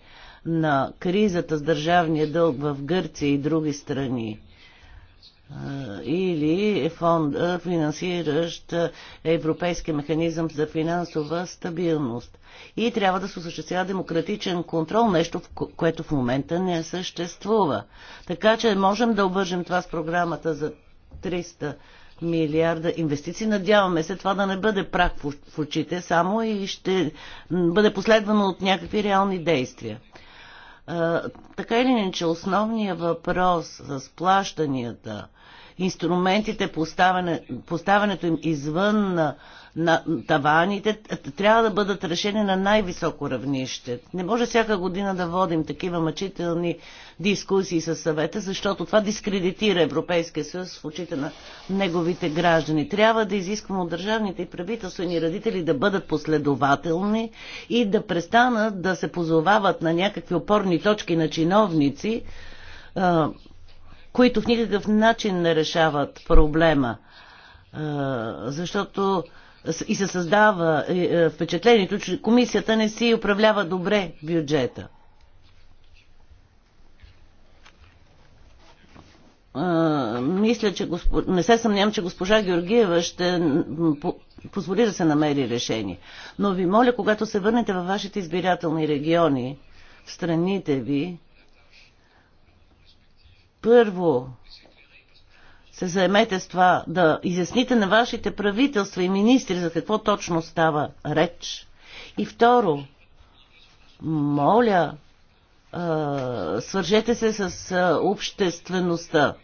на кризата с държавния дълг в Гърция и други страни или е фонд, финансиращ Европейския механизъм за финансова стабилност. И трябва да се осъществява демократичен контрол, нещо, което в момента не съществува. Така че можем да обържем това с програмата за 300 милиарда инвестиции. Надяваме се това да не бъде прак в очите само и ще бъде последвано от някакви реални действия така или иначе, основният въпрос с плащанията, инструментите, поставяне, поставянето им извън на таваните трябва да бъдат решени на най-високо равнище. Не може всяка година да водим такива мъчителни дискусии с съвета, защото това дискредитира Европейския съюз в очите на неговите граждани. Трябва да изискваме от държавните и правителствени родители да бъдат последователни и да престанат да се позовават на някакви опорни точки на чиновници, които в никакъв начин не решават проблема. Защото и се създава е, е, впечатлението, че комисията не си управлява добре бюджета. мисля, че госпо... не се съмнявам, че госпожа Георгиева ще позволи да се намери решение. Но ви моля, когато се върнете във вашите избирателни региони, в страните ви, първо се заемете с това да изясните на вашите правителства и министри за какво точно става реч. И второ, моля, свържете се с обществеността.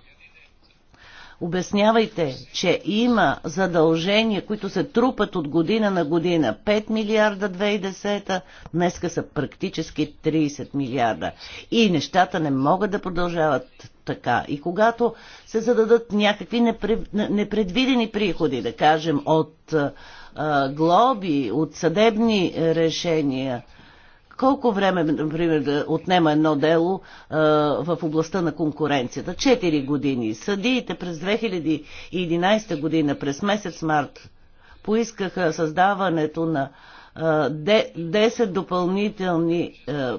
Обяснявайте, че има задължения, които се трупат от година на година. 5 милиарда 2010, днеска са практически 30 милиарда. И нещата не могат да продължават така. И когато се зададат някакви непредвидени приходи, да кажем, от глоби, от съдебни решения, колко време, например, да отнема едно дело а, в областта на конкуренцията? Четири години. Съдиите през 2011 година, през месец март, поискаха създаването на а, 10 допълнителни а,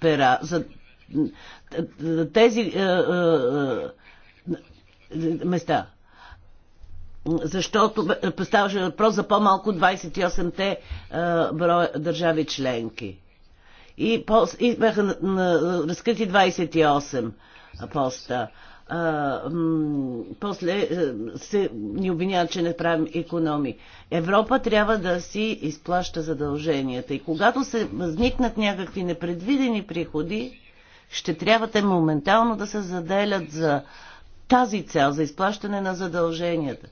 пера за тези а, а, места защото ставаше въпрос за по-малко 28-те броя държави членки и, пост, и бяха на, на, разкрити 28 поста. А, м- после се ни обвиняват, че не правим економи. Европа трябва да си изплаща задълженията. И когато се възникнат някакви непредвидени приходи, ще трябва те моментално да се заделят за тази цел, за изплащане на задълженията.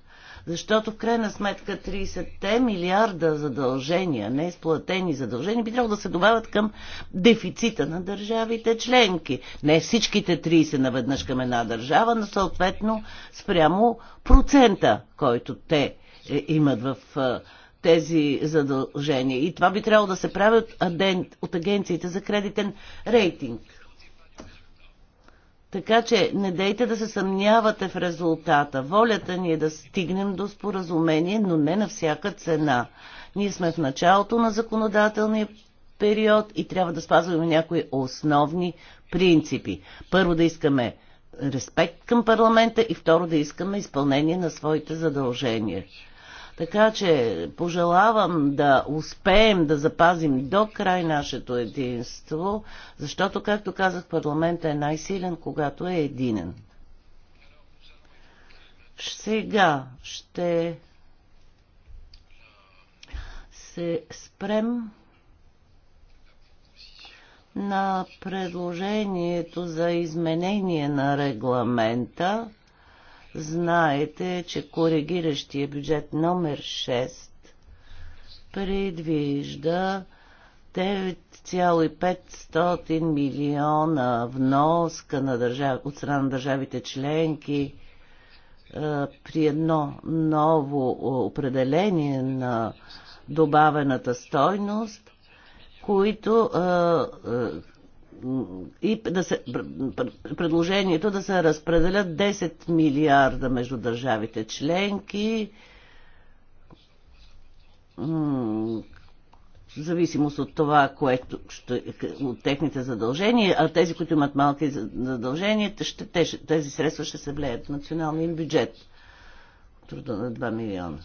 Защото в крайна сметка 30-те милиарда задължения, неизплатени задължения, би трябвало да се добавят към дефицита на държавите членки. Не всичките 30 наведнъж към една държава, но съответно спрямо процента, който те е, имат в е, тези задължения. И това би трябвало да се прави от, от агенциите за кредитен рейтинг. Така че не дейте да се съмнявате в резултата. Волята ни е да стигнем до споразумение, но не на всяка цена. Ние сме в началото на законодателния период и трябва да спазваме някои основни принципи. Първо да искаме респект към парламента и второ да искаме изпълнение на своите задължения. Така че пожелавам да успеем да запазим до край нашето единство, защото, както казах, парламента е най-силен, когато е единен. Сега ще се спрем на предложението за изменение на регламента Знаете, че коригиращия бюджет номер 6 предвижда 9,500 милиона вноска на държав... от страна на държавите членки е, при едно ново е, определение на добавената стойност, които, е, и да се, предложението да се разпределят 10 милиарда между държавите членки, в зависимост от това, което ще, от техните задължения, а тези, които имат малки задължения, ще, тези средства ще се влеят в националния им бюджет. Трудно на 2 милиона.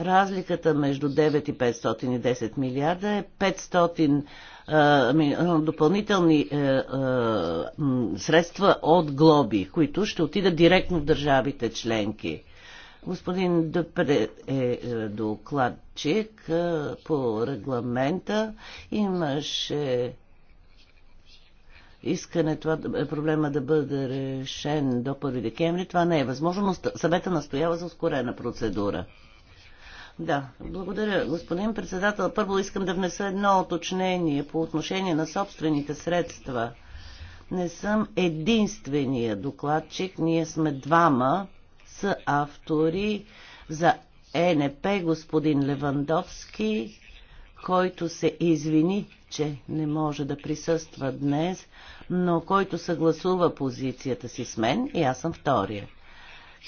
Разликата между 9 и 510 милиарда е 500 допълнителни е, е, средства от глоби, които ще отидат директно в държавите членки. Господин Дъпре е, е докладчик по регламента. Имаше искане това е проблема да бъде решен до 1 декември. Това не е възможно, но съвета настоява за ускорена процедура. Да, благодаря, господин председател. Първо искам да внеса едно оточнение по отношение на собствените средства. Не съм единствения докладчик, ние сме двама с автори за ЕНП, господин Левандовски, който се извини, че не може да присъства днес, но който съгласува позицията си с мен и аз съм втория.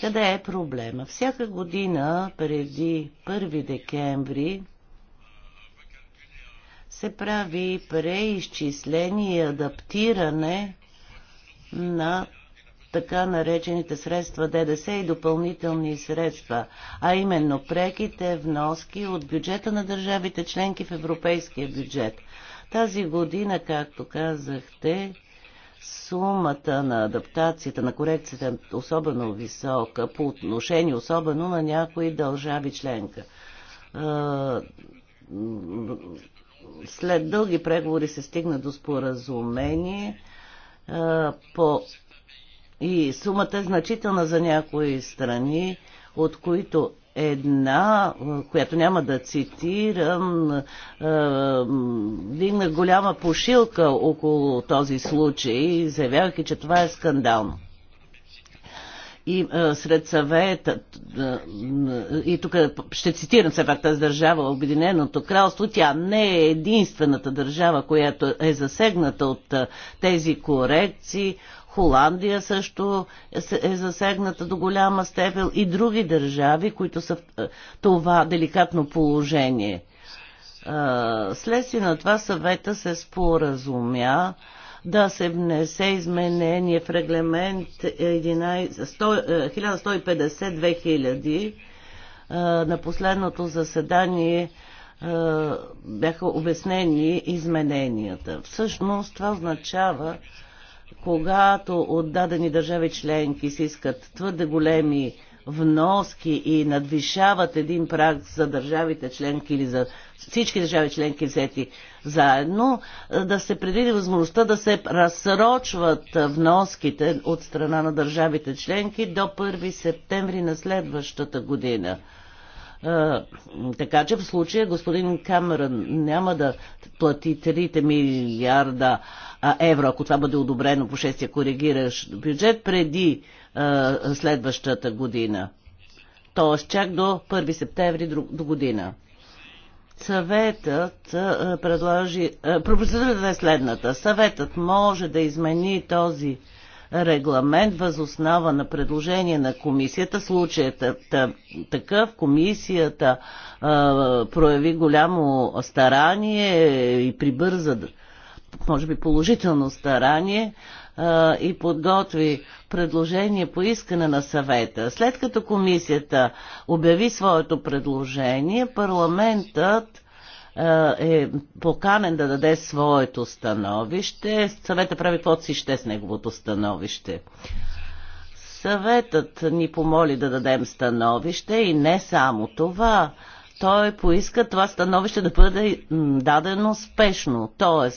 Къде е проблема? Всяка година преди 1 декември се прави преизчисление и адаптиране на така наречените средства ДДС и допълнителни средства, а именно преките вноски от бюджета на държавите членки в европейския бюджет. Тази година, както казахте, сумата на адаптацията, на корекцията е особено висока по отношение особено на някои държави членка. След дълги преговори се стигна до споразумение по... и сумата е значителна за някои страни, от които една, която няма да цитирам, дигна голяма пошилка около този случай, заявявайки, че това е скандално и а, сред съвета, и тук ще цитирам все пак тази държава, Обединеното кралство, тя не е единствената държава, която е засегната от тези корекции. Холандия също е засегната до голяма степен и други държави, които са в е, това деликатно положение. Е, следствие на това съвета се споразумя да се внесе изменение в регламент 1150-2000. Е, на последното заседание бяха обяснени измененията. Всъщност това означава, когато от дадени държави членки си искат твърде големи вноски и надвишават един праг за държавите членки или за всички държави членки взети заедно, да се предвиди възможността да се разсрочват вноските от страна на държавите членки до 1 септември на следващата година така че в случая господин Камерън няма да плати 3 милиарда евро, ако това бъде одобрено по 6-я коригиращ бюджет преди а, следващата година. Тоест чак до 1 септември до година. Съветът а, предложи... Пропозицията е следната. Съветът може да измени този регламент възоснава на предложение на комисията. Случаят е такъв комисията а, прояви голямо старание и прибърза, може би положително старание а, и подготви предложение по искане на съвета. След като комисията обяви своето предложение, парламентът е, е поканен да даде своето становище. Съвета прави каквото си ще с неговото становище. Съветът ни помоли да дадем становище и не само това. Той поиска това становище да бъде дадено спешно, т.е.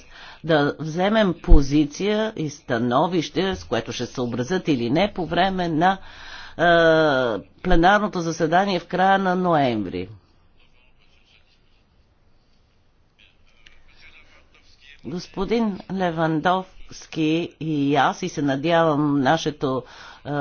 да вземем позиция и становище, с което ще се образят или не, по време на е, пленарното заседание в края на ноември. Господин Левандовски и аз и се надявам нашето, е,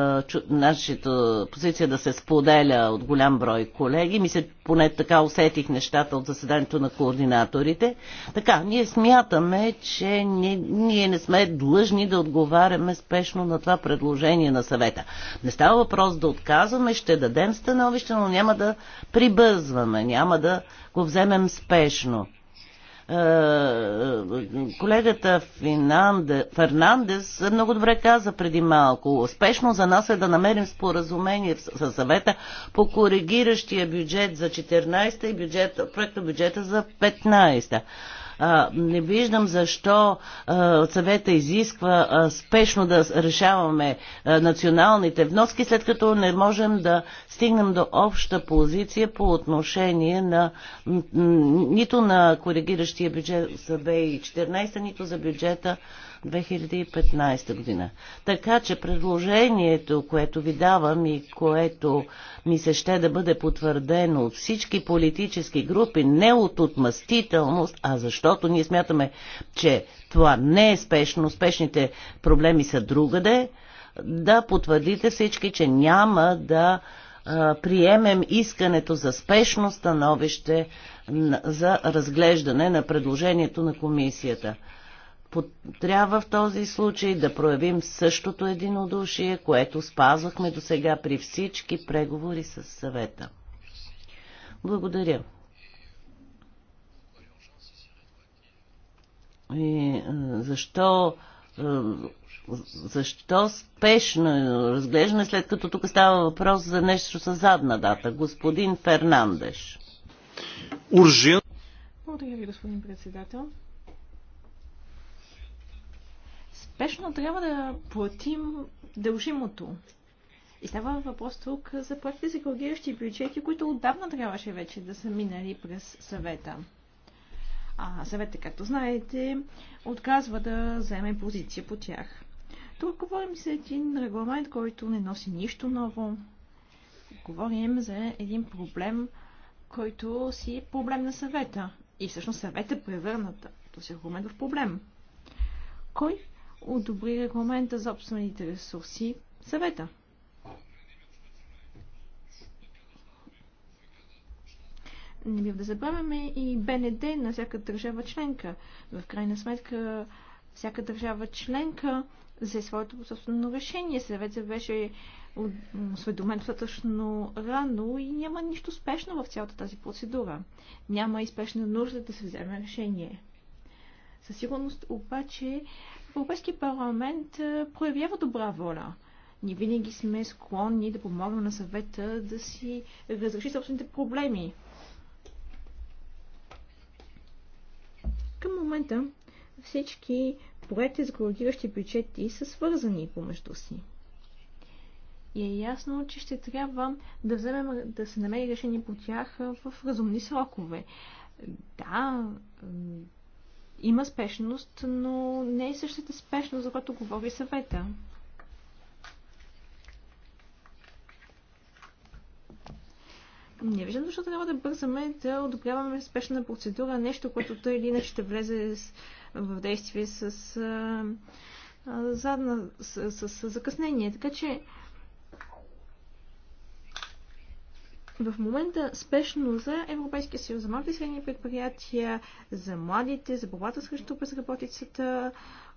нашето позиция да се споделя от голям брой колеги. Мисля, поне така усетих нещата от заседанието на координаторите. Така, ние смятаме, че ние, ние не сме длъжни да отговаряме спешно на това предложение на съвета. Не става въпрос да отказваме, ще дадем становище, но няма да прибързваме, няма да го вземем спешно. Е, колегата Фернандес много добре каза преди малко. Успешно за нас е да намерим споразумение със съвета по коригиращия бюджет за 14 та и бюджет, проекта бюджета за 15. -та. А, не виждам защо а, съвета изисква а, спешно да решаваме а, националните вноски, след като не можем да стигнем до обща позиция по отношение на нито на коригиращия бюджет за 2014, нито за бюджета 2015 година. Така че предложението, което ви давам и което ми се ще да бъде потвърдено от всички политически групи, не от отмъстителност, а защото ние смятаме, че това не е спешно, спешните проблеми са другаде, да потвърдите всички, че няма да приемем искането за спешно становище за разглеждане на предложението на комисията трябва в този случай да проявим същото единодушие, което спазвахме до сега при всички преговори с съвета. Благодаря. И е, защо, е, защо спешно разглеждаме, след като тук става въпрос за нещо с задна дата? Господин Фернандеш. Уржен. Благодаря ви, господин председател. спешно трябва да платим дължимото. И става въпрос тук за проекти за коригиращи бюджети, които отдавна трябваше вече да са минали през съвета. А съветът, както знаете, отказва да вземе позиция по тях. Тук говорим за един регламент, който не носи нищо ново. Говорим за един проблем, който си е проблем на съвета. И всъщност съвета превърната този аргумент в проблем. Кой одобри регламента за собствените ресурси съвета. Не бива да забравяме и БНД на всяка държава членка. В крайна сметка всяка държава членка взе своето собствено решение. Съветът беше осведомен достатъчно рано и няма нищо спешно в цялата тази процедура. Няма и спешна нужда да се вземе решение. Със сигурност обаче Европейски парламент проявява добра воля. Ние винаги сме склонни да помогнем на съвета да си разреши собствените проблеми. Към момента всички проекти за коригиращи бюджети са свързани помежду си. И е ясно, че ще трябва да вземем, да се намери решение по тях в разумни срокове. Да, има спешност, но не е същата спешност, за която говори съвета. Не виждам защото трябва да бързаме да одобряваме спешна процедура, нещо, което той или иначе ще влезе в действие с, а, задна, с, с, с закъснение. Така че в момента спешно за Европейския съюз, за малки и средни предприятия, за младите, за борбата срещу безработицата.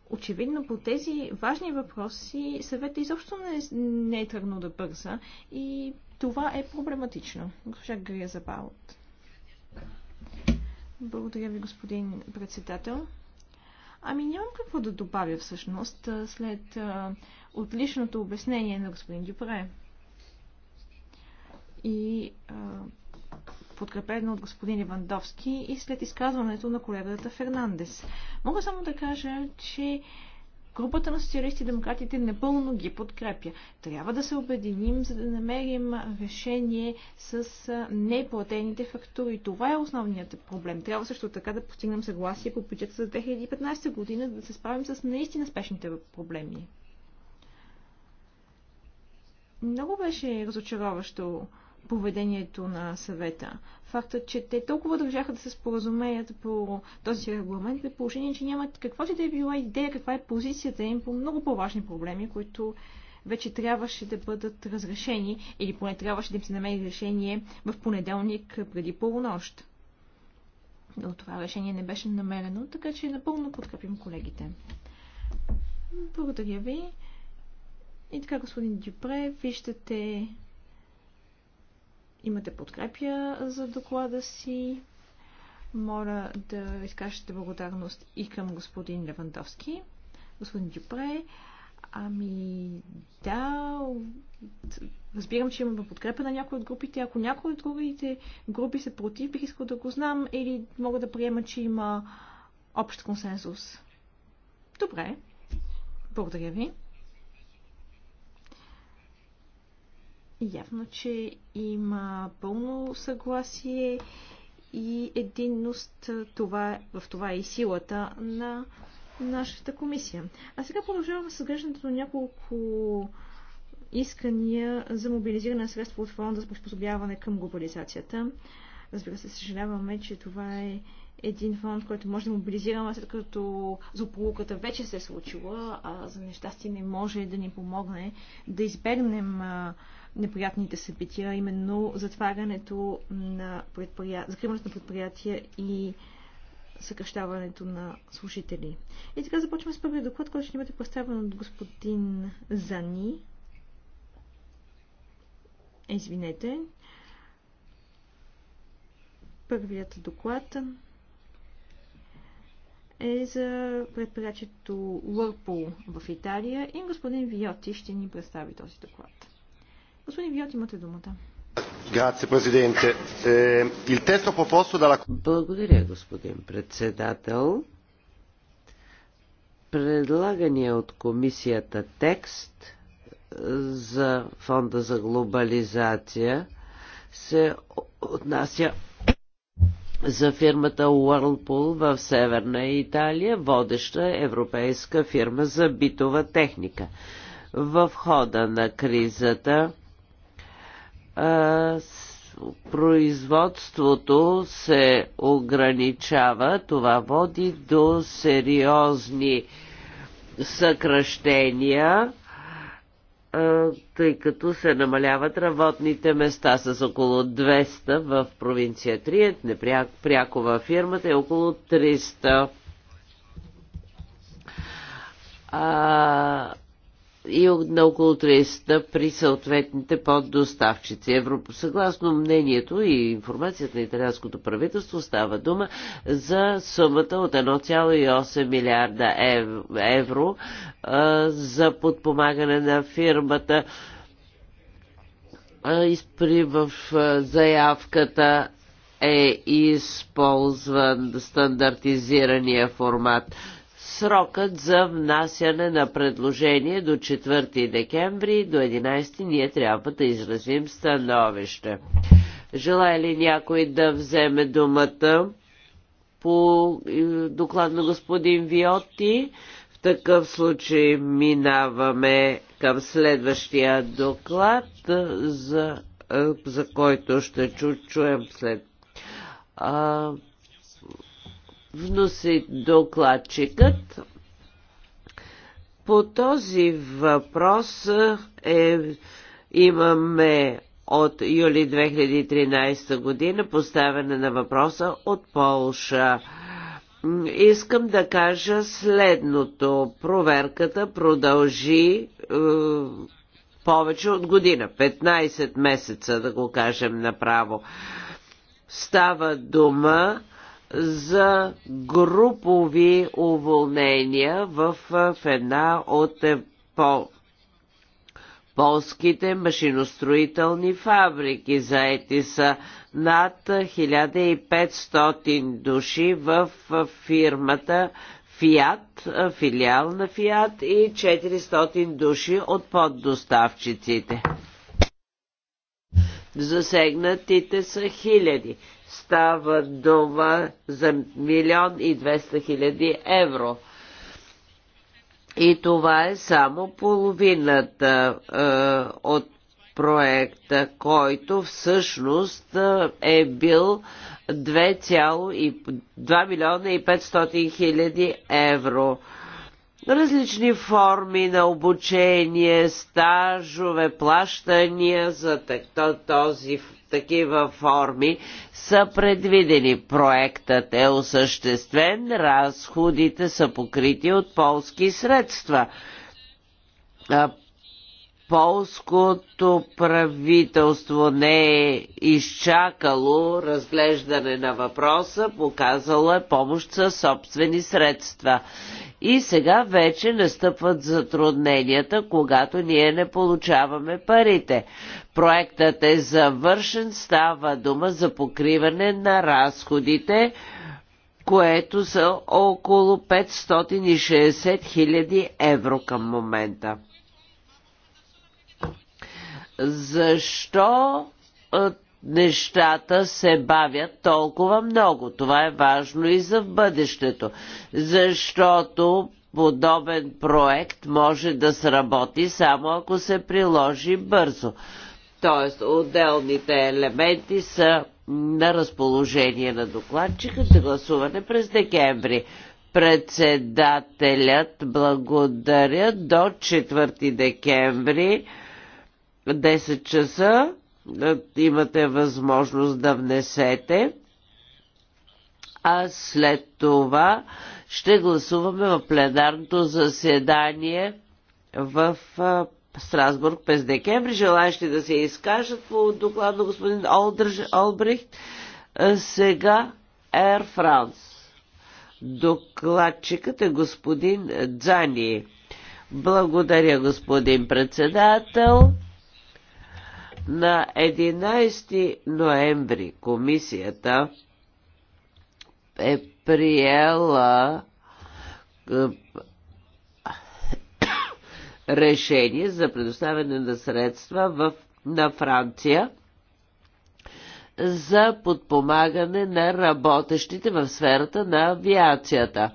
Очевидно по тези важни въпроси съветът изобщо не е, не е тръгнал да бърза и това е проблематично. Госпожа Грия Забалот. Благодаря ви, господин председател. Ами нямам какво да добавя всъщност след отличното обяснение на господин Дюпре и а, подкрепено от господин Ивандовски и след изказването на колегата Фернандес. Мога само да кажа, че групата на социалисти и демократите непълно ги подкрепя. Трябва да се обединим, за да намерим решение с неплатените фактури. Това е основният проблем. Трябва също така да постигнем съгласие по бюджета за 2015 година, да се справим с наистина спешните проблеми. Много беше разочароващо поведението на съвета. Фактът, че те толкова държаха да се споразумеят по този регламент, е положение, че нямат какво ти да е била идея, каква е позицията им по много по-важни проблеми, които вече трябваше да бъдат разрешени или поне трябваше да им се намери решение в понеделник преди полунощ. Но това решение не беше намерено, така че напълно подкрепим колегите. Благодаря ви. И така, господин Дюпре, виждате имате подкрепя за доклада си. Моля да изкажете благодарност и към господин Левандовски. Господин Дюпре, ами да, разбирам, че имаме подкрепа на някои от групите. Ако някои от другите групи са против, бих искал да го знам или мога да приема, че има общ консенсус. Добре, благодаря ви. Явно, че има пълно съгласие и единност. Това, в това е и силата на нашата комисия. А сега продължаваме с греждането на няколко искания за мобилизиране на средства от фонда за приспособяване към глобализацията. Разбира се, съжаляваме, че това е един фонд, който може да мобилизираме, след като злополуката вече се е случила, а за нещастие не може да ни помогне да избегнем неприятните събития, именно затварянето на предприятия, закриването на предприятия и съкръщаването на служители. И така започваме с първия доклад, който ще имате представен от господин Зани. Извинете. Първият доклад е за предприятието Лърпо в Италия и господин Виоти ще ни представи този доклад. Господин Виот, имате думата. Е, Благодаря, господин председател. Предлагания от комисията текст е, за фонда за глобализация се отнася за фирмата Whirlpool в Северна Италия, водеща европейска фирма за битова техника. В хода на кризата производството се ограничава, това води до сериозни съкръщения, тъй като се намаляват работните места с около 200 в провинция Триент, непряко пряко във фирмата е около 300. А, и на около 30 при съответните поддоставчици. Европа. Съгласно мнението и информацията на италианското правителство става дума за сумата от 1,8 милиарда евро а, за подпомагане на фирмата изпри в заявката е използван стандартизирания формат Срокът за внасяне на предложение до 4 декември до 11 ние трябва да изразим становище. Желая ли някой да вземе думата по е, доклад на господин Виоти? В такъв случай минаваме към следващия доклад, е, за, е, за който ще чу, чуем след. А, вноси докладчикът. По този въпрос е, имаме от юли 2013 година поставяне на въпроса от Полша. Искам да кажа следното. Проверката продължи е, повече от година, 15 месеца, да го кажем направо. Става дума за групови уволнения в, в една от е, по полските машиностроителни фабрики. Заети са над 1500 души в фирмата Фиат, филиал на Фиат и 400 души от поддоставчиците. Засегнатите са хиляди. Става дума за милион и 200 хиляди евро. И това е само половината е, от проекта, който всъщност е, е бил 2 милиона и 500 хиляди евро. Различни форми на обучение, стажове, плащания за този такива форми са предвидени. Проектът е осъществен, разходите са покрити от полски средства полското правителство не е изчакало разглеждане на въпроса, показало е помощ със собствени средства. И сега вече настъпват затрудненията, когато ние не получаваме парите. Проектът е завършен, става дума за покриване на разходите, което са около 560 000 евро към момента. Защо нещата се бавят толкова много? Това е важно и за в бъдещето, защото подобен проект може да сработи само ако се приложи бързо. Тоест, отделните елементи са на разположение на докладчика за гласуване през декември. Председателят благодаря до 4 декември 10 часа е, имате възможност да внесете, а след това ще гласуваме в пленарното заседание в е, Страсбург през декември. Желаящи да се изкажат по доклад на господин Олдрж, Олбрихт. Е, сега Air France. Докладчикът е господин Дзани. Благодаря, господин председател. На 11 ноември комисията е приела е, решение за предоставяне на средства в, на Франция за подпомагане на работещите в сферата на авиацията,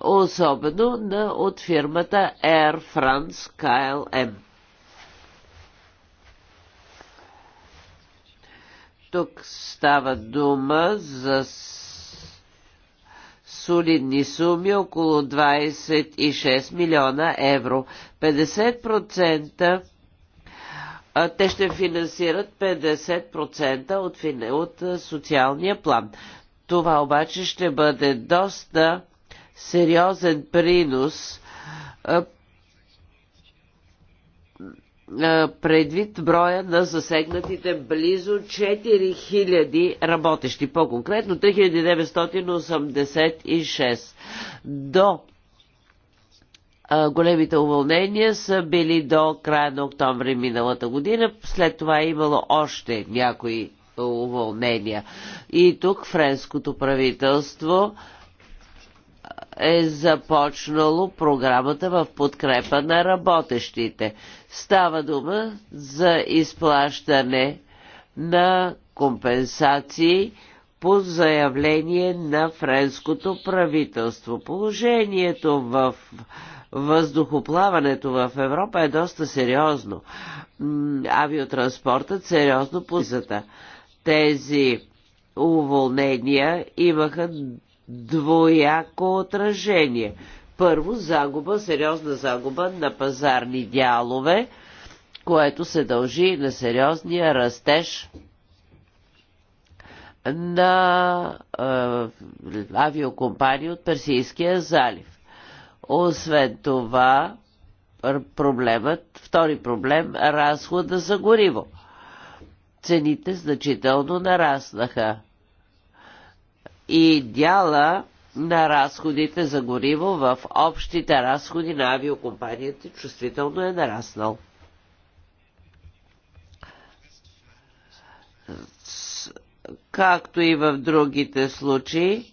особено на, от фирмата Air France KLM. Тук става дума за солидни суми, около 26 милиона евро. 50% те ще финансират 50% от, от социалния план. Това обаче ще бъде доста сериозен принос предвид броя на засегнатите близо 4000 работещи, по-конкретно 3986. До големите уволнения са били до края на октомври миналата година, след това е имало още някои уволнения. И тук френското правителство е започнало програмата в подкрепа на работещите. Става дума за изплащане на компенсации по заявление на френското правителство. Положението в въздухоплаването в Европа е доста сериозно. Авиотранспортът сериозно позата. Тези уволнения имаха двояко отражение. Първо, загуба, сериозна загуба на пазарни дялове, което се дължи на сериозния растеж на е, авиокомпании от Персийския залив. Освен това, проблемът, втори проблем, разхода за гориво. Цените значително нараснаха и дяла на разходите за гориво в общите разходи на авиокомпанията чувствително е нараснал. Както и в другите случаи,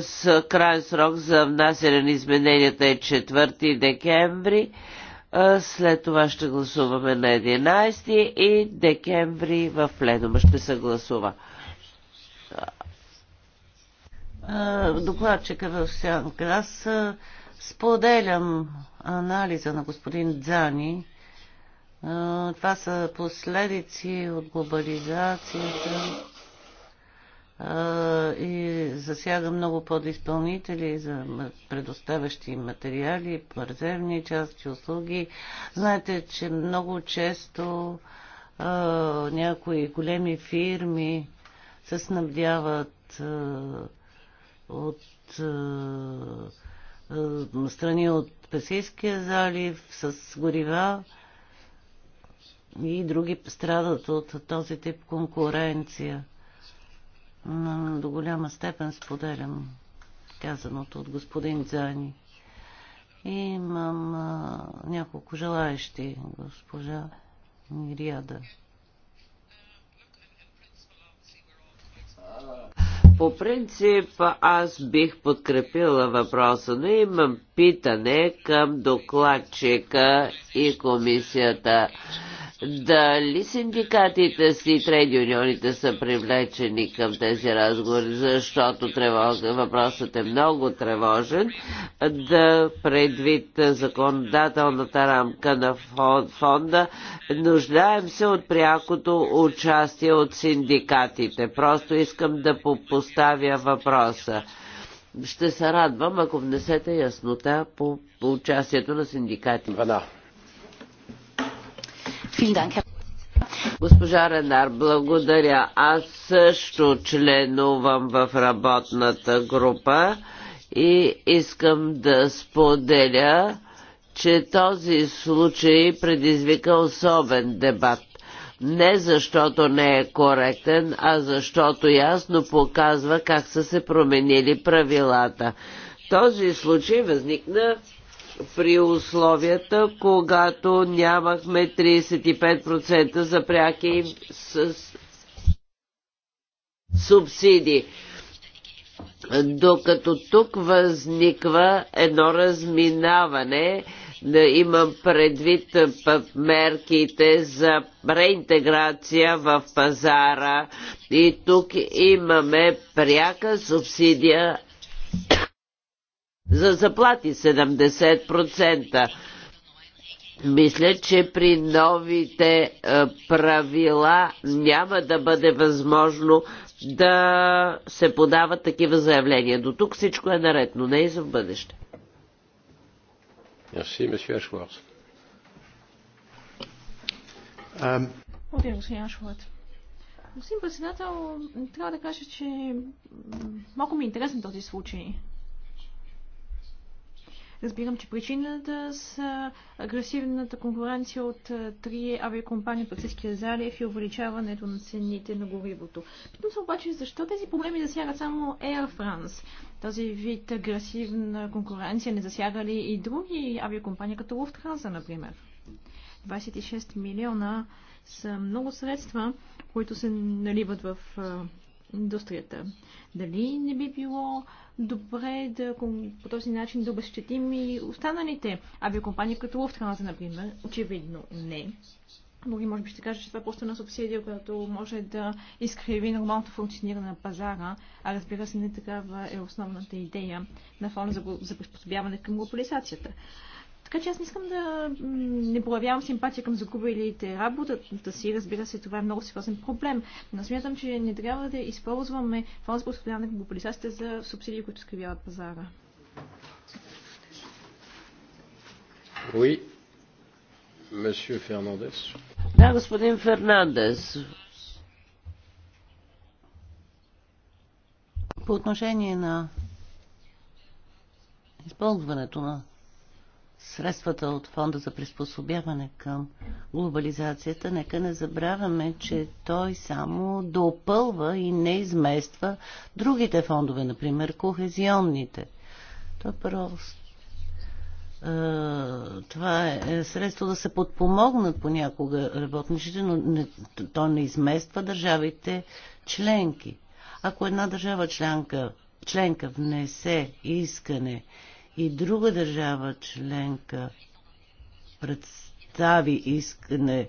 с крайен срок за внасяне на измененията е 4 декември, след това ще гласуваме на 11 и декември в пленума ще се гласува докладчика в сянка. Аз споделям анализа на господин Дзани. Това са последици от глобализацията и засяга много подизпълнители за предоставящи материали, резервни части, услуги. Знаете, че много често някои големи фирми се снабдяват от страни от Песийския залив с горива и други страдат от този тип конкуренция. До голяма степен споделям казаното от господин Дзани. Имам а, няколко желаещи, госпожа Мириада. По принцип, аз бих подкрепила въпроса, но имам питане към докладчика и комисията. Дали синдикатите си и трейд юнионите са привлечени към тези разговори, защото тревога, въпросът е много тревожен, да предвид законодателната рамка на фонда, нуждаем се от прякото участие от синдикатите. Просто искам да поставя въпроса. Ще се радвам, ако внесете яснота по участието на синдикатите. Госпожа Ренар, благодаря. Аз също членувам в работната група и искам да споделя, че този случай предизвика особен дебат. Не защото не е коректен, а защото ясно показва как са се променили правилата. Този случай възникна при условията, когато нямахме 35% за пряки с субсидии. Докато тук възниква едно разминаване, да имам предвид мерките за реинтеграция в пазара и тук имаме пряка субсидия, за заплати 70%. Мисля, че при новите е, правила няма да бъде възможно да се подават такива заявления. До тук всичко е наред, но не и за в бъдеще. Merci, monsieur Ashworth. Благодаря, господин Ашвард. Господин председател, трябва да кажа, че малко ми е интересен този случай. Разбирам, че причината са агресивната конкуренция от три авиакомпании по Циския залив и е увеличаването на цените на горивото. Питам се обаче, защо тези проблеми засягат само Air France? Този вид агресивна конкуренция не засяга ли и други авиакомпании, като Lufthansa, например? 26 милиона са много средства, които се наливат в индустрията. Дали не би било добре да, по този начин да обещетим и останалите авиокомпании, като Луфтханза, например? Очевидно не. Други може би ще кажат, че това е просто една субсидия, която може да изкриви нормалното функциониране на пазара, а разбира се не такава е основната идея на фона за, за приспособяване към глобализацията. Така че аз не искам да не проявявам симпатия към загубилите работата си. Разбира се, това е много сериозен проблем. Но смятам, че не трябва да използваме фонд за постоянна глобализацията за субсидии, които скривяват пазара. Oui. Monsieur Fernandez. Да, господин Фернандес. По отношение на използването на средствата от фонда за приспособяване към глобализацията, нека не забравяме, че той само допълва и не измества другите фондове, например кохезионните. Той просто е, това е средство да се подпомогнат понякога работниците, но не, то не измества държавите членки. Ако една държава членка, членка внесе искане и друга държава членка представи искане,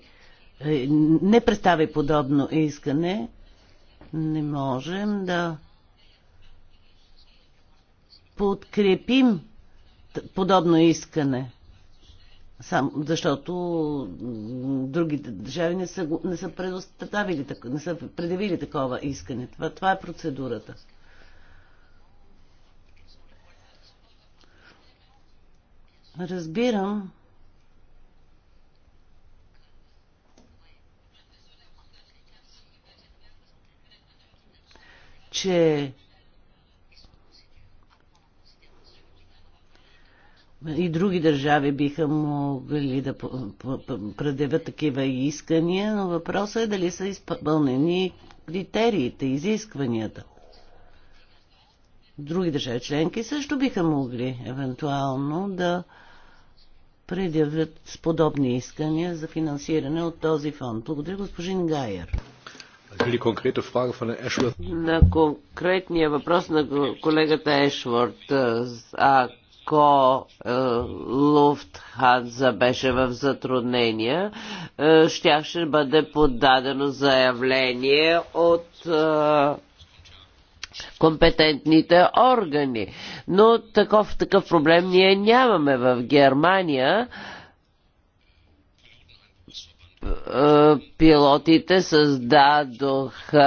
е, не представи подобно искане, не можем да подкрепим подобно искане. Сам, защото другите държави не са, не са предоставили, не са предявили такова искане. Това, това е процедурата. Разбирам, че и други държави биха могли да предявят такива искания, но въпросът е дали са изпълнени критериите, изискванията други държави членки също биха могли евентуално да предявят подобни искания за финансиране от този фонд. Благодаря, господин Гайер. На конкретния въпрос на колегата Ешворд, ако Луфтханза беше в затруднения, е, ще бъде подадено заявление от компетентните органи. Но такъв, такъв проблем ние нямаме в Германия е, пилотите създадоха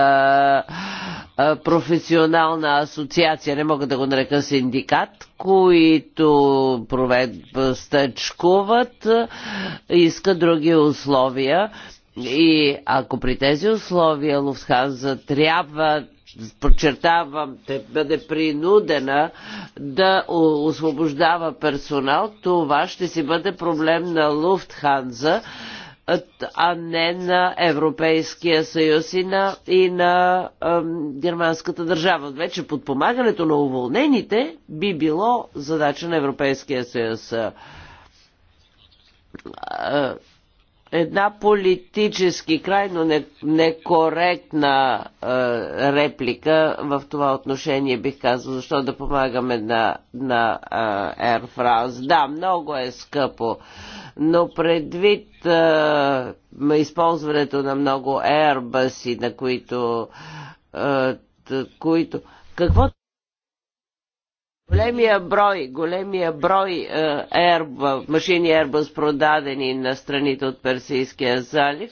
е, професионална асоциация, не мога да го нарека синдикат, които провед, стъчкуват, е, иска други условия. И ако при тези условия Луфтханза трябва подчертавам, те бъде принудена да освобождава персонал, това ще си бъде проблем на Луфтханза, а не на Европейския съюз и на, и на ем, германската държава. Вече подпомагането на уволнените би било задача на Европейския съюз една политически крайно некоректна е, реплика в това отношение бих казал, защо да помагаме на, на е, Air France. Да, много е скъпо, но предвид е, използването на много Airbus и на които, е, които какво Големия брой, големия брой е, Airbus, машини Airbus продадени на страните от Персийския залив,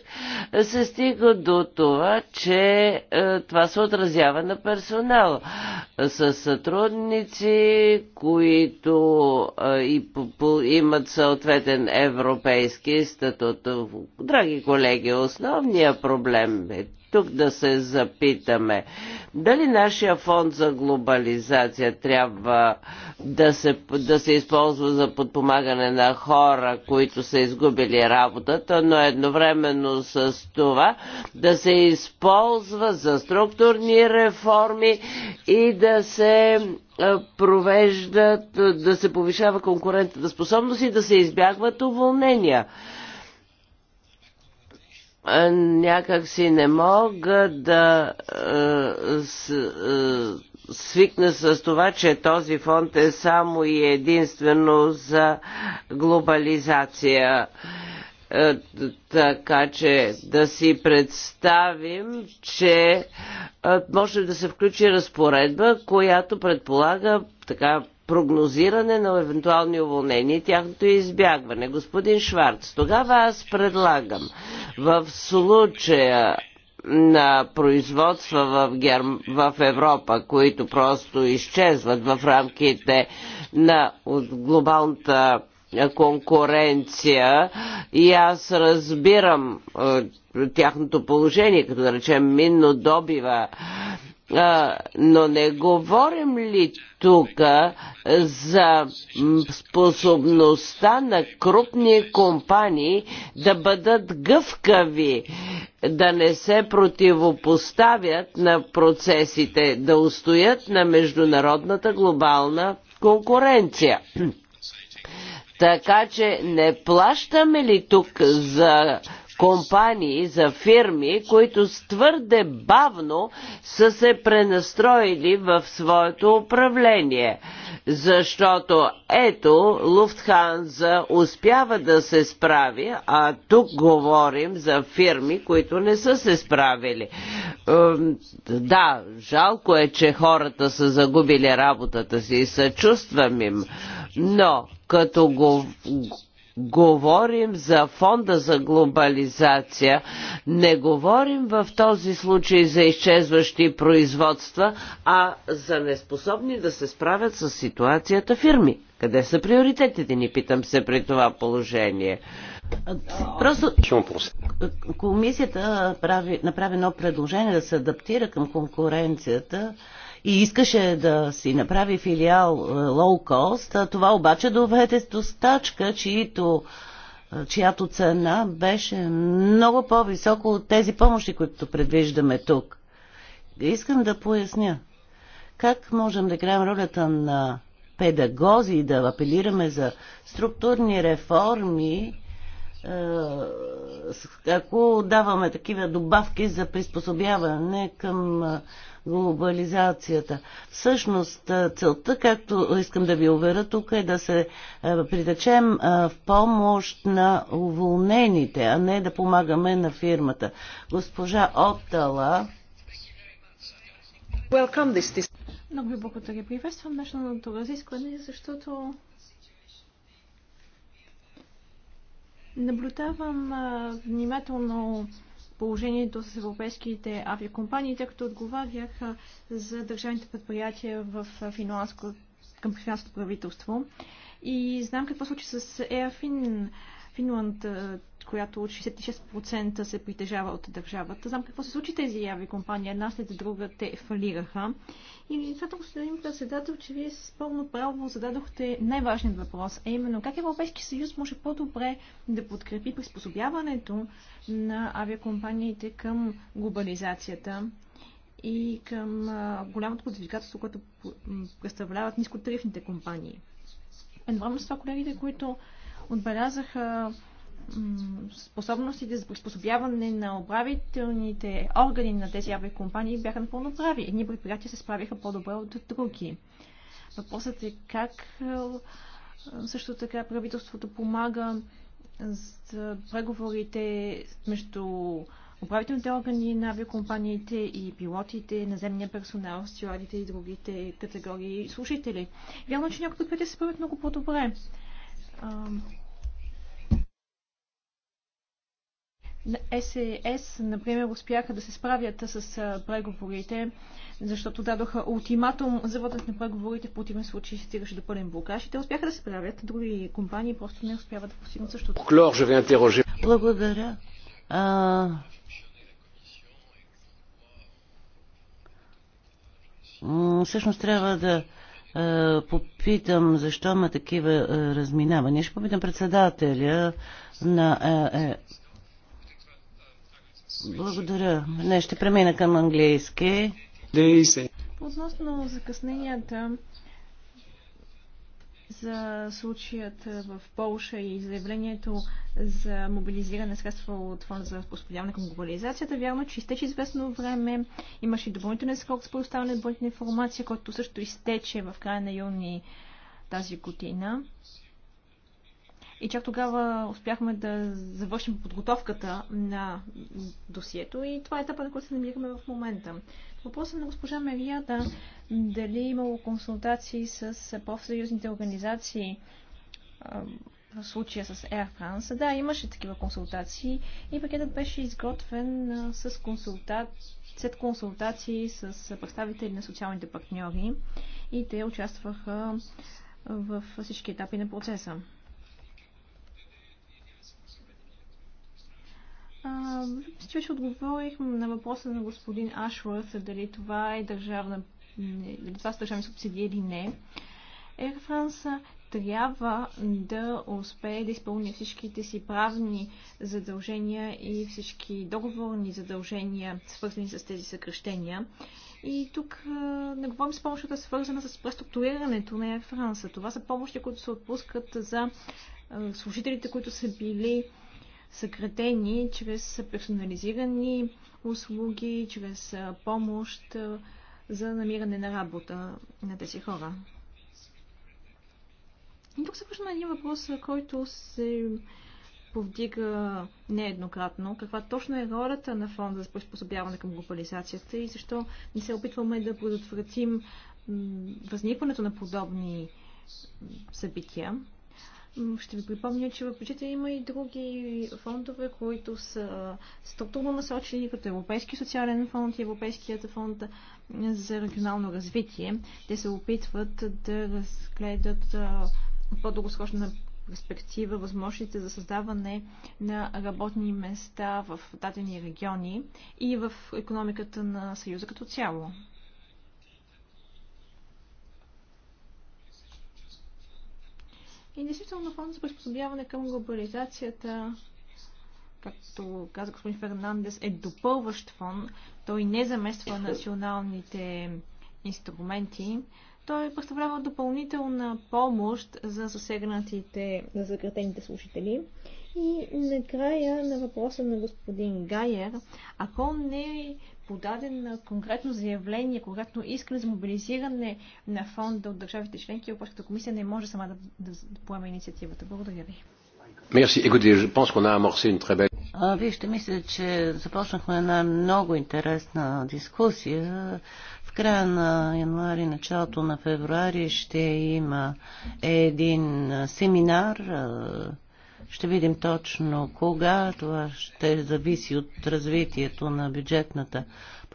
се стига до това, че е, това се отразява на персонал С сътрудници, които е, и, имат съответен европейски статут. Драги колеги, основният проблем е тук да се запитаме дали нашия фонд за глобализация трябва да се, да се използва за подпомагане на хора, които са изгубили работата, но едновременно с това да се използва за структурни реформи и да се провеждат, да се повишава конкурентната способност и да се избягват уволнения някак си не мога да свикна с това, че този фонд е само и единствено за глобализация. Така че да си представим, че може да се включи разпоредба, която предполага така прогнозиране на евентуални уволнения и тяхното избягване. Господин Шварц, тогава аз предлагам в случая на производства в, Герм... в Европа, които просто изчезват в рамките на глобалната конкуренция и аз разбирам е, тяхното положение, като да речем минно добива, е, но не говорим ли тук за способността на крупни компании да бъдат гъвкави, да не се противопоставят на процесите, да устоят на международната глобална конкуренция. Така че не плащаме ли тук за компании, за фирми, които твърде бавно са се пренастроили в своето управление. Защото ето, Луфтханза успява да се справи, а тук говорим за фирми, които не са се справили. Да, жалко е, че хората са загубили работата си и съчувствам им, но като го говорим за фонда за глобализация, не говорим в този случай за изчезващи производства, а за неспособни да се справят с ситуацията фирми. Къде са приоритетите ни, питам се при това положение. Просто комисията прави, направи едно предложение да се адаптира към конкуренцията и искаше да си направи филиал лоу е, кост, това обаче доведе до стачка, чието, е, чиято цена беше много по високо от тези помощи, които предвиждаме тук. Искам да поясня. Как можем да играем ролята на педагози и да апелираме за структурни реформи, е, ако даваме такива добавки за приспособяване към глобализацията. Всъщност целта, както искам да ви уверя тук, е да се притечем в помощ на уволнените, а не да помагаме на фирмата. Госпожа Оттала. Много ви благодаря. Приветствам днешното разискване, защото наблюдавам внимателно положението с европейските авиакомпании, тъй като отговарях за държавните предприятия в финландско, към финландското правителство. И знам какво случи с Air Финланд която от 66% се притежава от държавата. Знам какво се случи тези яви компании. Една след друга те фалираха. И затова, господин председател, че вие с пълно право зададохте най-важният въпрос, а именно как Европейски съюз може по-добре да подкрепи приспособяването на авиакомпаниите към глобализацията и към голямото предизвикателство, което представляват нискотарифните компании. Едновременно с това колегите, които отбелязаха способностите за приспособяване на управителните органи на тези авиакомпании компании бяха напълно прави. Едни предприятия се справиха по-добре от други. Въпросът е как е, също така правителството помага за преговорите между управителните органи на авиакомпаниите и пилотите, наземния персонал, стюардите и другите категории служители. Вярно, е, че някои предприятия се правят много по-добре. на СЕС, е например, успяха да се справят с преговорите, защото дадоха ултиматум за водът на преговорите, в противен случай се стигаше до пълен блокаж и те успяха да се справят. Други компании просто не успяват да постигнат същото. Благодаря. А... Всъщност трябва да попитам защо има такива разминавания. Ще попитам председателя на е, благодаря. Не, ще премина към английски. Относно закъсненията за случаят в Полша и заявлението за мобилизиране средства от фонда за усподяване към глобализацията, вярно, че изтече известно време. Имаше и допълнителен срок за предоставяне на информация, който също изтече в края на юни тази година. И чак тогава успяхме да завършим подготовката на досието и това е етапа, на който се намираме в момента. Въпросът е на госпожа Мерията дали е имало консултации с профсъюзните организации в случая с Air France. Да, имаше такива консултации и пакетът беше изготвен с консултат, след консултации с представители на социалните партньори и те участваха в всички етапи на процеса. Мисля, че отговорих на въпроса на господин Ашвърс, дали това е държавна, дали това са държавни субсидии или не. Air France трябва да успее да изпълни всичките си правни задължения и всички договорни задължения, свързани с тези съкръщения. И тук не говорим с помощта, свързана с преструктурирането на Air France. Това са помощи, които се отпускат за служителите, които са били съкратени чрез персонализирани услуги, чрез помощ за намиране на работа на тези хора. И тук се връщаме един въпрос, който се повдига нееднократно. Каква точно е ролята на фонда за приспособяване към глобализацията и защо не се опитваме да предотвратим възникването на подобни събития? Ще ви припомня, че в бюджета има и други фондове, които са структурно насочени, като Европейски социален фонд и Европейският фонд за регионално развитие. Те се опитват да разгледат по-дългосрочна перспектива възможностите за създаване на работни места в дадени региони и в економиката на Съюза като цяло. И действително фонд за приспособяване към глобализацията, както каза господин Фернандес, е допълващ фон. Той не замества националните инструменти. Той представлява допълнителна помощ за засегнатите, за закратените служители. И накрая на въпроса на господин Гайер, ако не подаден конкретно заявление, конкретно искане за мобилизиране на фонда от държавите членки, Европейската комисия не може сама да, да, да поема инициативата. Благодаря ви. Merci. Écoutez, je pense qu'on a amorcé une très belle... А, вижте, мисля, че започнахме една много интересна дискусия. В края на януари, началото на февруари ще има един семинар ще видим точно кога. Това ще зависи от развитието на бюджетната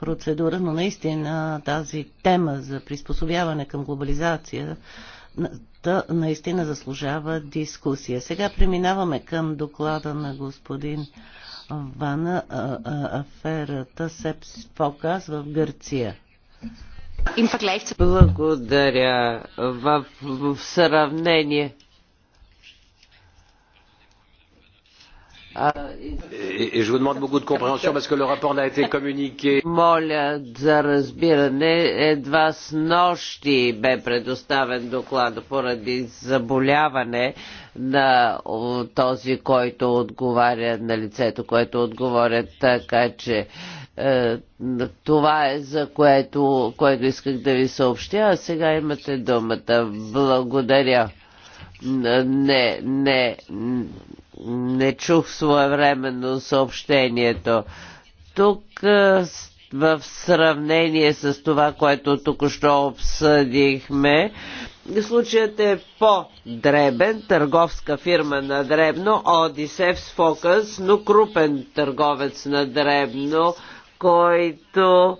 процедура, но наистина тази тема за приспособяване към глобализация да, наистина заслужава дискусия. Сега преминаваме към доклада на господин Вана аферата Сепс Фокас в Гърция. Благодаря. в, в сравнение Моля за разбиране, едва с нощи бе предоставен доклад поради заболяване на този, който отговаря на лицето, което отговаря така че е, това е за което, което исках да ви съобщя, а сега имате думата. Благодаря. Не, не, не чух своевременно съобщението. Тук е, в сравнение с това, което току-що обсъдихме, случаят е по-дребен, търговска фирма на дребно, Одисевс Фокъс, но крупен търговец на дребно, който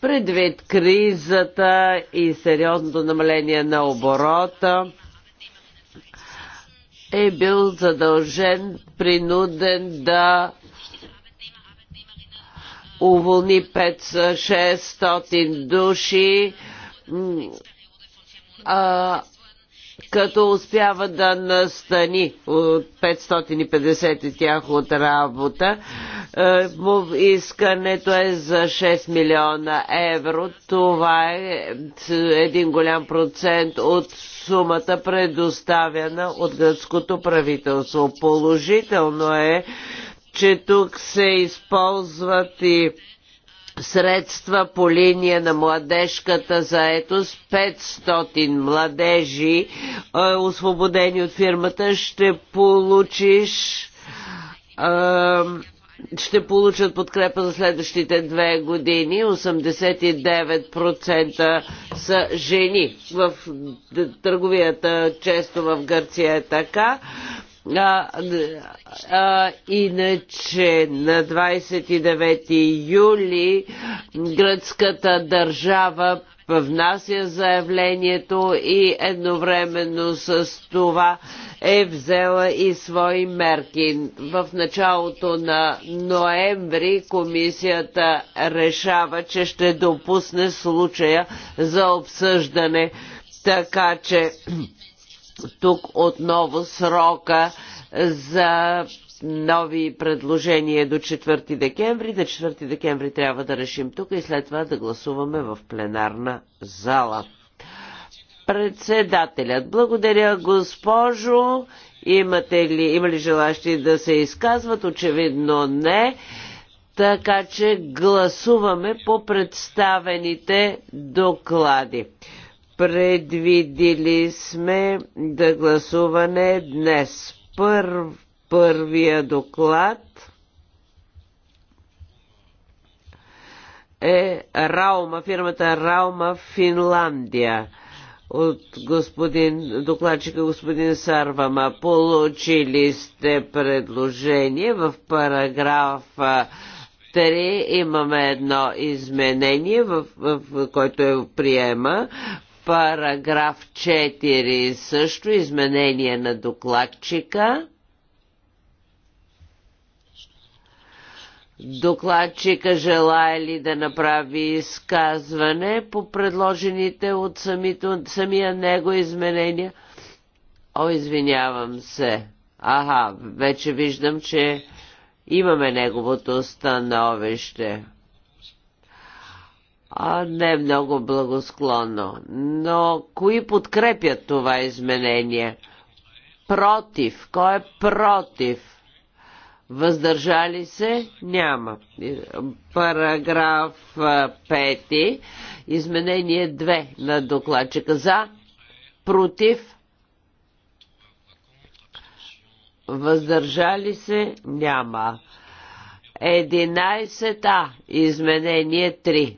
предвид кризата и сериозното намаление на оборота, е бил задължен, принуден да уволни 500-600 души, а, като успява да настани от 550 тях от работа. Е, искането е за 6 милиона евро. Това е един голям процент от сумата предоставена от гръцкото правителство. Положително е, че тук се използват и средства по линия на младежката заетост. 500 младежи, е, освободени от фирмата, ще получиш е, ще получат подкрепа за следващите две години. 89% са жени. В търговията често в Гърция е така. А, а, иначе на 29 юли гръцката държава внася заявлението и едновременно с това е взела и свои мерки. В началото на ноември комисията решава, че ще допусне случая за обсъждане, така че тук отново срока за нови предложения до 4 декември. До 4 декември трябва да решим тук и след това да гласуваме в пленарна зала. Председателят, благодаря госпожо. Имате ли, има ли желащи да се изказват? Очевидно не. Така че гласуваме по представените доклади. Предвидили сме да гласуване днес. Пър, първия доклад е Раума, фирмата Раума Финландия от господин докладчика господин Сарвама. Получили сте предложение в параграф 3 имаме едно изменение, в, в, в, което е приема, Параграф 4 също изменение на докладчика. Докладчика желая ли да направи изказване по предложените от самито, самия него изменения? О, извинявам се. Ага, вече виждам, че имаме неговото становище а, не е много благосклонно. Но кои подкрепят това изменение? Против. Кой е против? Въздържали се? Няма. Параграф 5. Изменение 2 на докладчика. За? Против? Въздържали се? Няма. 11А. Изменение 3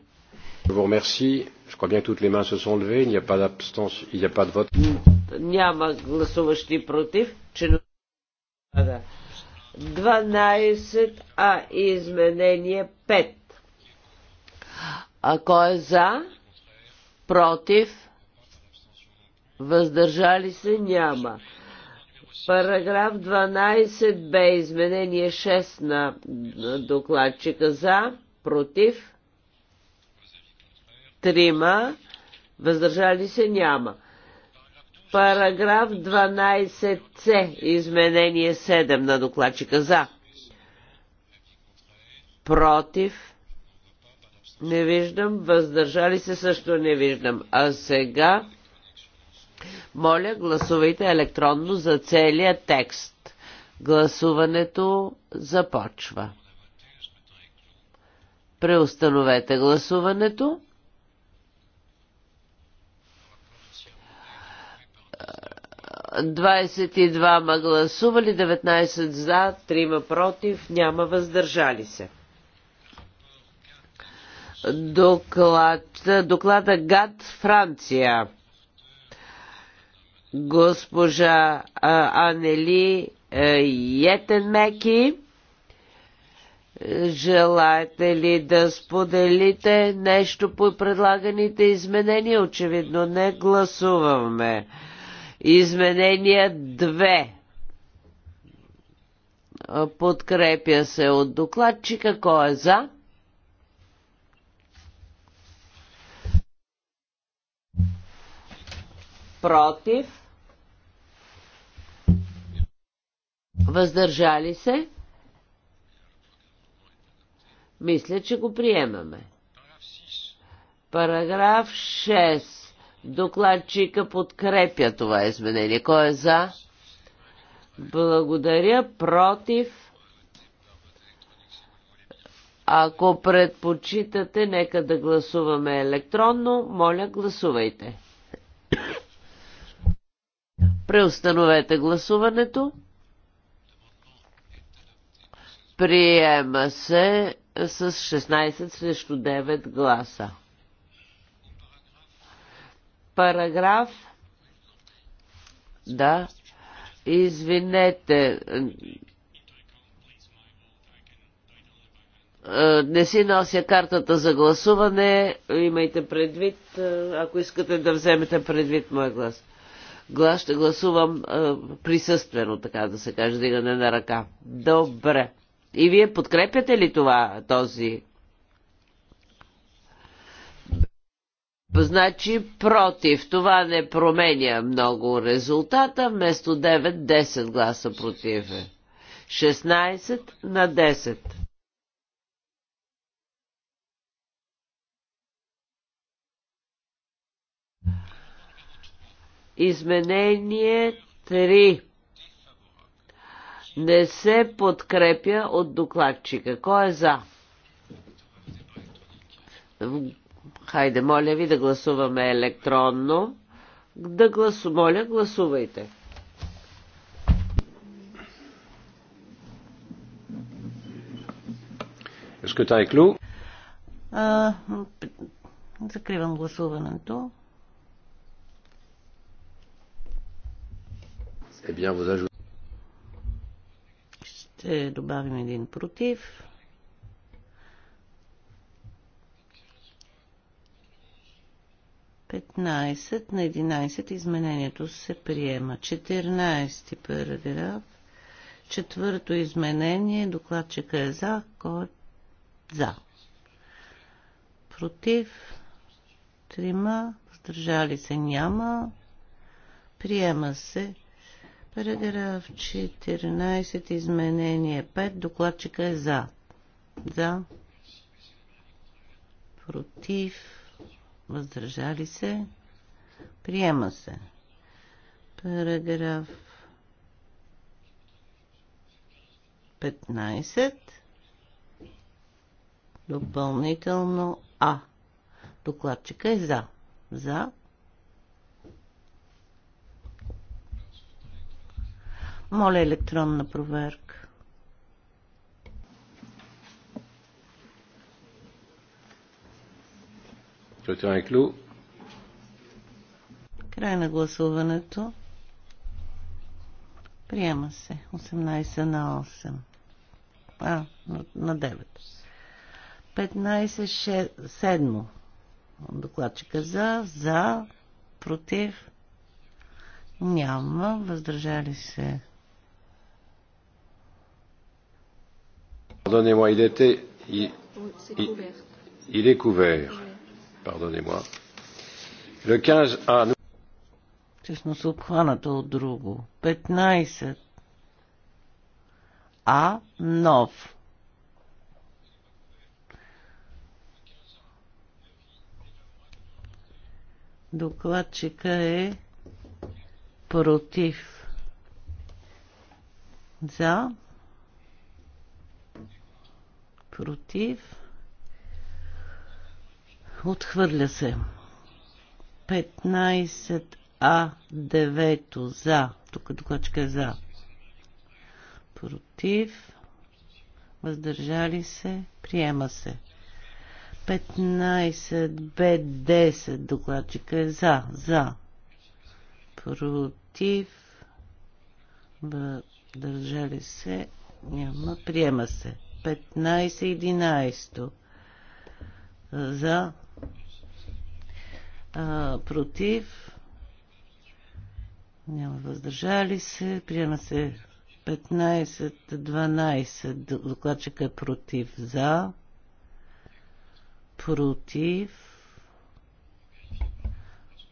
Je Je vous remercie. crois bien que toutes les mains se sont levées. Il il n'y n'y a a pas pas d'abstention, de vote. Няма гласуващи против, че 12, а изменение 5. А кой е за? Против? Въздържали се? Няма. Параграф 12 бе изменение 6 на докладчика за, против, трима, въздържали се няма. Параграф 12c, изменение 7 на докладчика за. Против. Не виждам. Въздържали се също не виждам. А сега, моля, гласувайте електронно за целия текст. Гласуването започва. Преустановете гласуването. 22 гласували, 19 за, 3 против, няма въздържали се. Доклад, доклада ГАД Франция. Госпожа а, Анели а, Йетенмеки. Желаете ли да споделите нещо по предлаганите изменения? Очевидно не гласуваме. Изменение 2 подкрепя се от докладчика. Кой е за? Против? Въздържали се? Мисля, че го приемаме. Параграф 6. Докладчика подкрепя това изменение. Кой е за? Благодаря. Против? Ако предпочитате, нека да гласуваме електронно. Моля, гласувайте. Преустановете гласуването. Приема се с 16 срещу 9 гласа параграф. Да. Извинете. Е, не си нося картата за гласуване. Имайте предвид, е, ако искате да вземете предвид моя глас. Глас ще гласувам е, присъствено, така да се каже, дигане на ръка. Добре. И вие подкрепяте ли това, този Значи против. Това не променя много резултата. Вместо 9, 10 гласа против. 16 е. на 10. Изменение 3 не се подкрепя от докладчика. Кой е за? Хайде, моля ви да гласуваме електронно. Да гласу, моля, гласувайте. Скътай клю. Закривам гласуването. Eh Ще добавим един против. 15 на 11 изменението се приема. 14 параграф. Четвърто изменение. Докладчика е за. Кой е за? Против. Трима. Въздържали се няма. Приема се. Параграф 14. Изменение 5. Докладчика е за. За. Против въздържали се, приема се. Параграф 15, допълнително А. Докладчика е за. За. Моля електронна проверка. Scrutin е клю. Край на гласуването. Приема се. 18 на 8. А, на 9. 15, 6, 7. Докладчика за, за, против. Няма. Въздържали се. Pardonnez-moi, il était. Il, Или кувер. est couvert. Pardonnez-moi. Le 15 A. Всъщност обхваната от друго. 15. А нов. Докладчика е против. За. Против. Отхвърля се. 15А, 9 за. Тук докладчика е за. Против. Въздържали се. Приема се. 15Б10 докладчика е за. За. Против. Въздържали се. Няма. Приема се. 15-11. За а, против, няма въздържали се, приема се 15, 12, докладчика е против, за, против,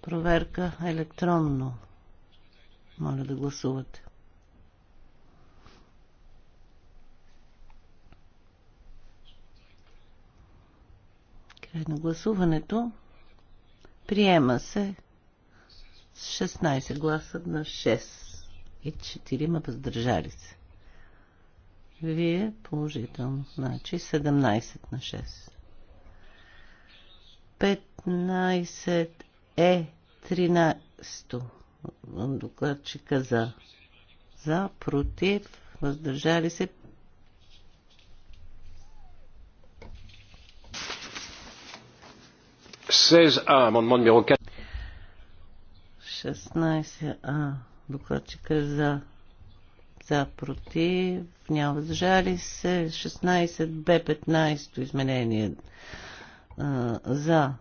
проверка електронно. Моля да гласувате. Край на гласуването. Приема се 16 гласа на 6 и 4 ма въздържали се. Вие положително, значи 17 на 6. 15 е 13 докладчика за. За, против, въздържали се, 16А, амандмент номер 4. 16А. Докладчика за. За, против. Няма въздържали се. 16Б, 15-то изменение. А, за.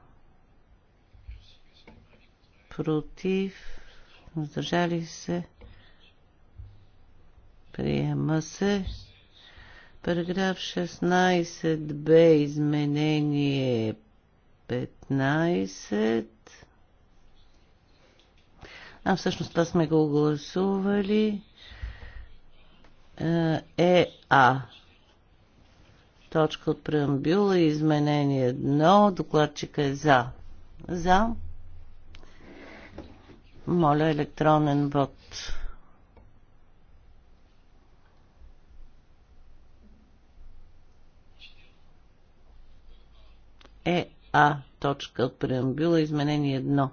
Против. Въздържали се. Приема се. Параграф 16б изменение 15. А всъщност това сме го гласували. Е, е а. Точка от преамбюла и изменение 1. Докладчика е за. За. Моля електронен вод. Е а точка от преамбюла, изменение 1. Но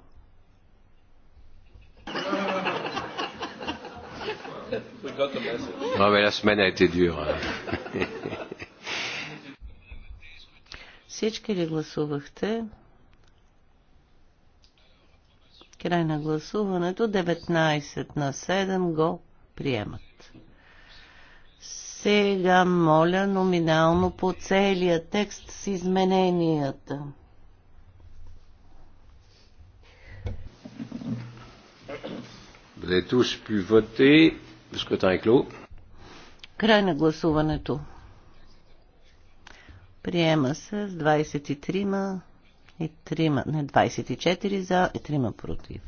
mais la semaine Всички ли гласувахте? Край на гласуването 19 на 7 го приемат. Сега моля номинално по целия текст с измененията. Vous avez tous pu voter. Le scrutin est clos. Край на гласуването. Приема се с 23 и 3, не 24 за и 3 против.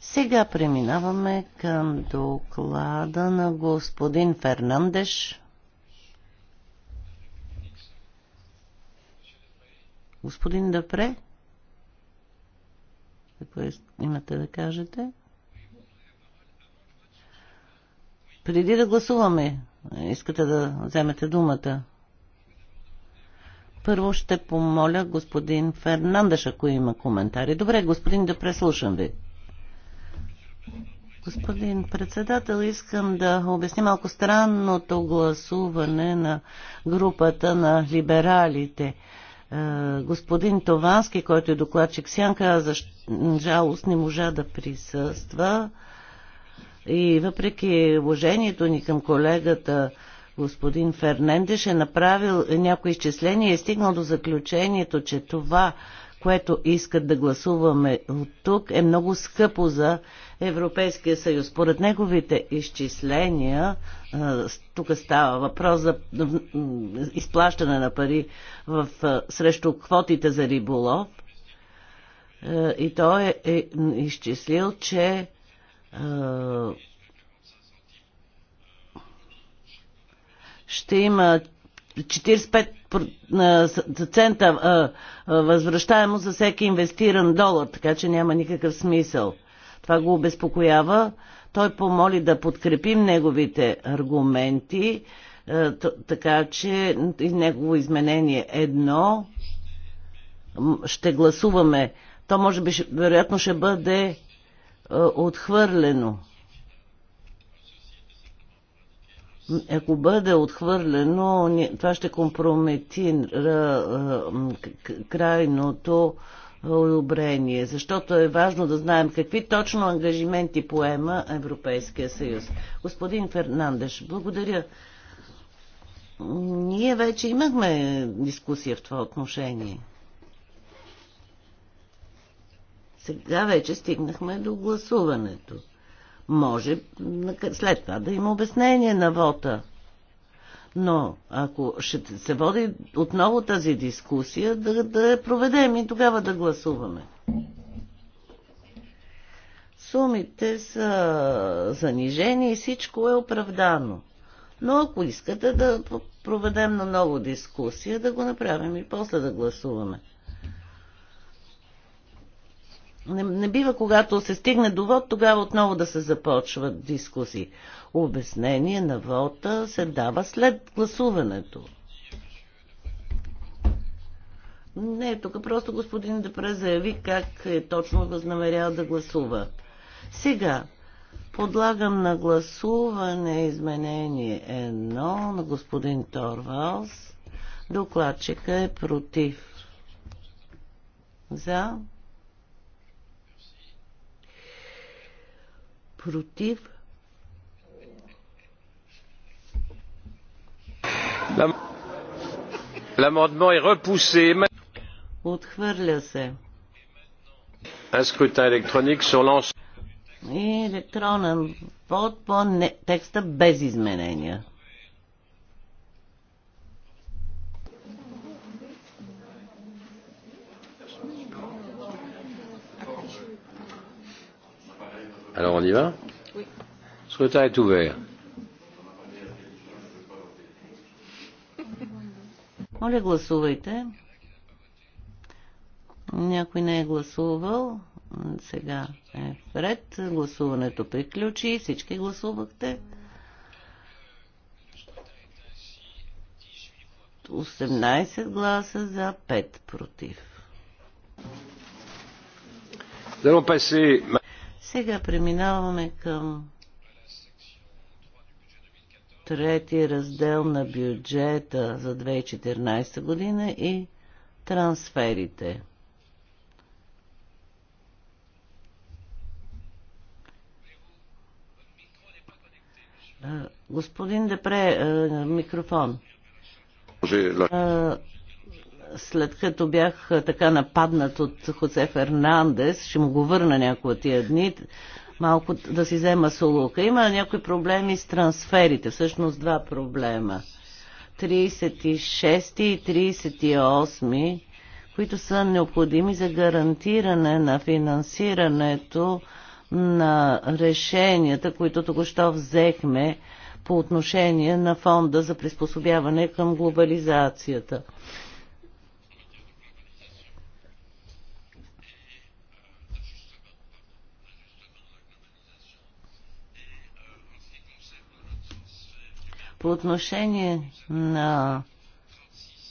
Сега преминаваме към доклада на господин Фернандеш. Господин Дапре? Какво имате да кажете? Преди да гласуваме, искате да вземете думата. Първо ще помоля господин Фернандеш, ако има коментари. Добре, господин, да преслушам ви. Господин председател, искам да обясня малко странното гласуване на групата на либералите. Е, господин Товански, който е докладчик Сянка, за жалост не можа да присъства. И въпреки уважението ни към колегата, господин Фернендеш е направил някои изчисления и е стигнал до заключението, че това, което искат да гласуваме от тук, е много скъпо за Европейския съюз. Поред неговите изчисления, тук става въпрос за изплащане на пари в, срещу квотите за риболов, и той е, изчислил, че ще има 45% възвръщаемо за всеки инвестиран долар, така че няма никакъв смисъл. Това го обезпокоява. Той помоли да подкрепим неговите аргументи, е, така че негово изменение едно ще гласуваме. То може би, вероятно, ще бъде е, отхвърлено. Ако бъде отхвърлено, това ще компрометира е, крайното одобрение, защото е важно да знаем какви точно ангажименти поема Европейския съюз. Господин Фернандеш, благодаря. Ние вече имахме дискусия в това отношение. Сега вече стигнахме до гласуването. Може след това да има обяснение на вота. Но ако ще се води отново тази дискусия, да, да я проведем и тогава да гласуваме. Сумите са занижени и всичко е оправдано. Но ако искате да проведем на ново дискусия, да го направим и после да гласуваме. Не, не бива, когато се стигне до вод, тогава отново да се започват дискусии обяснение на вота се дава след гласуването. Не, тук просто господин Депре заяви как е точно възнамерява да гласува. Сега, подлагам на гласуване изменение едно на господин Торвалс. Докладчика е против. За. Против. L'amendement est repoussé. Отхвърля се. Un scrutin électronique sur l'ensemble. И електронен вод по не, текста без изменения. Alors on y va oui. Scrutin est ouvert. Моля, гласувайте. Някой не е гласувал. Сега е вред. Гласуването приключи. Всички гласувахте. 18 гласа за 5 против. Сега преминаваме към трети раздел на бюджета за 2014 година и трансферите. Господин Депре, микрофон. След като бях така нападнат от Хосе Фернандес, ще му го върна някои от тия дни, малко да си взема солука. Има някои проблеми с трансферите, всъщност два проблема. 36 и 38, които са необходими за гарантиране на финансирането на решенията, които току-що взехме по отношение на фонда за приспособяване към глобализацията. По отношение на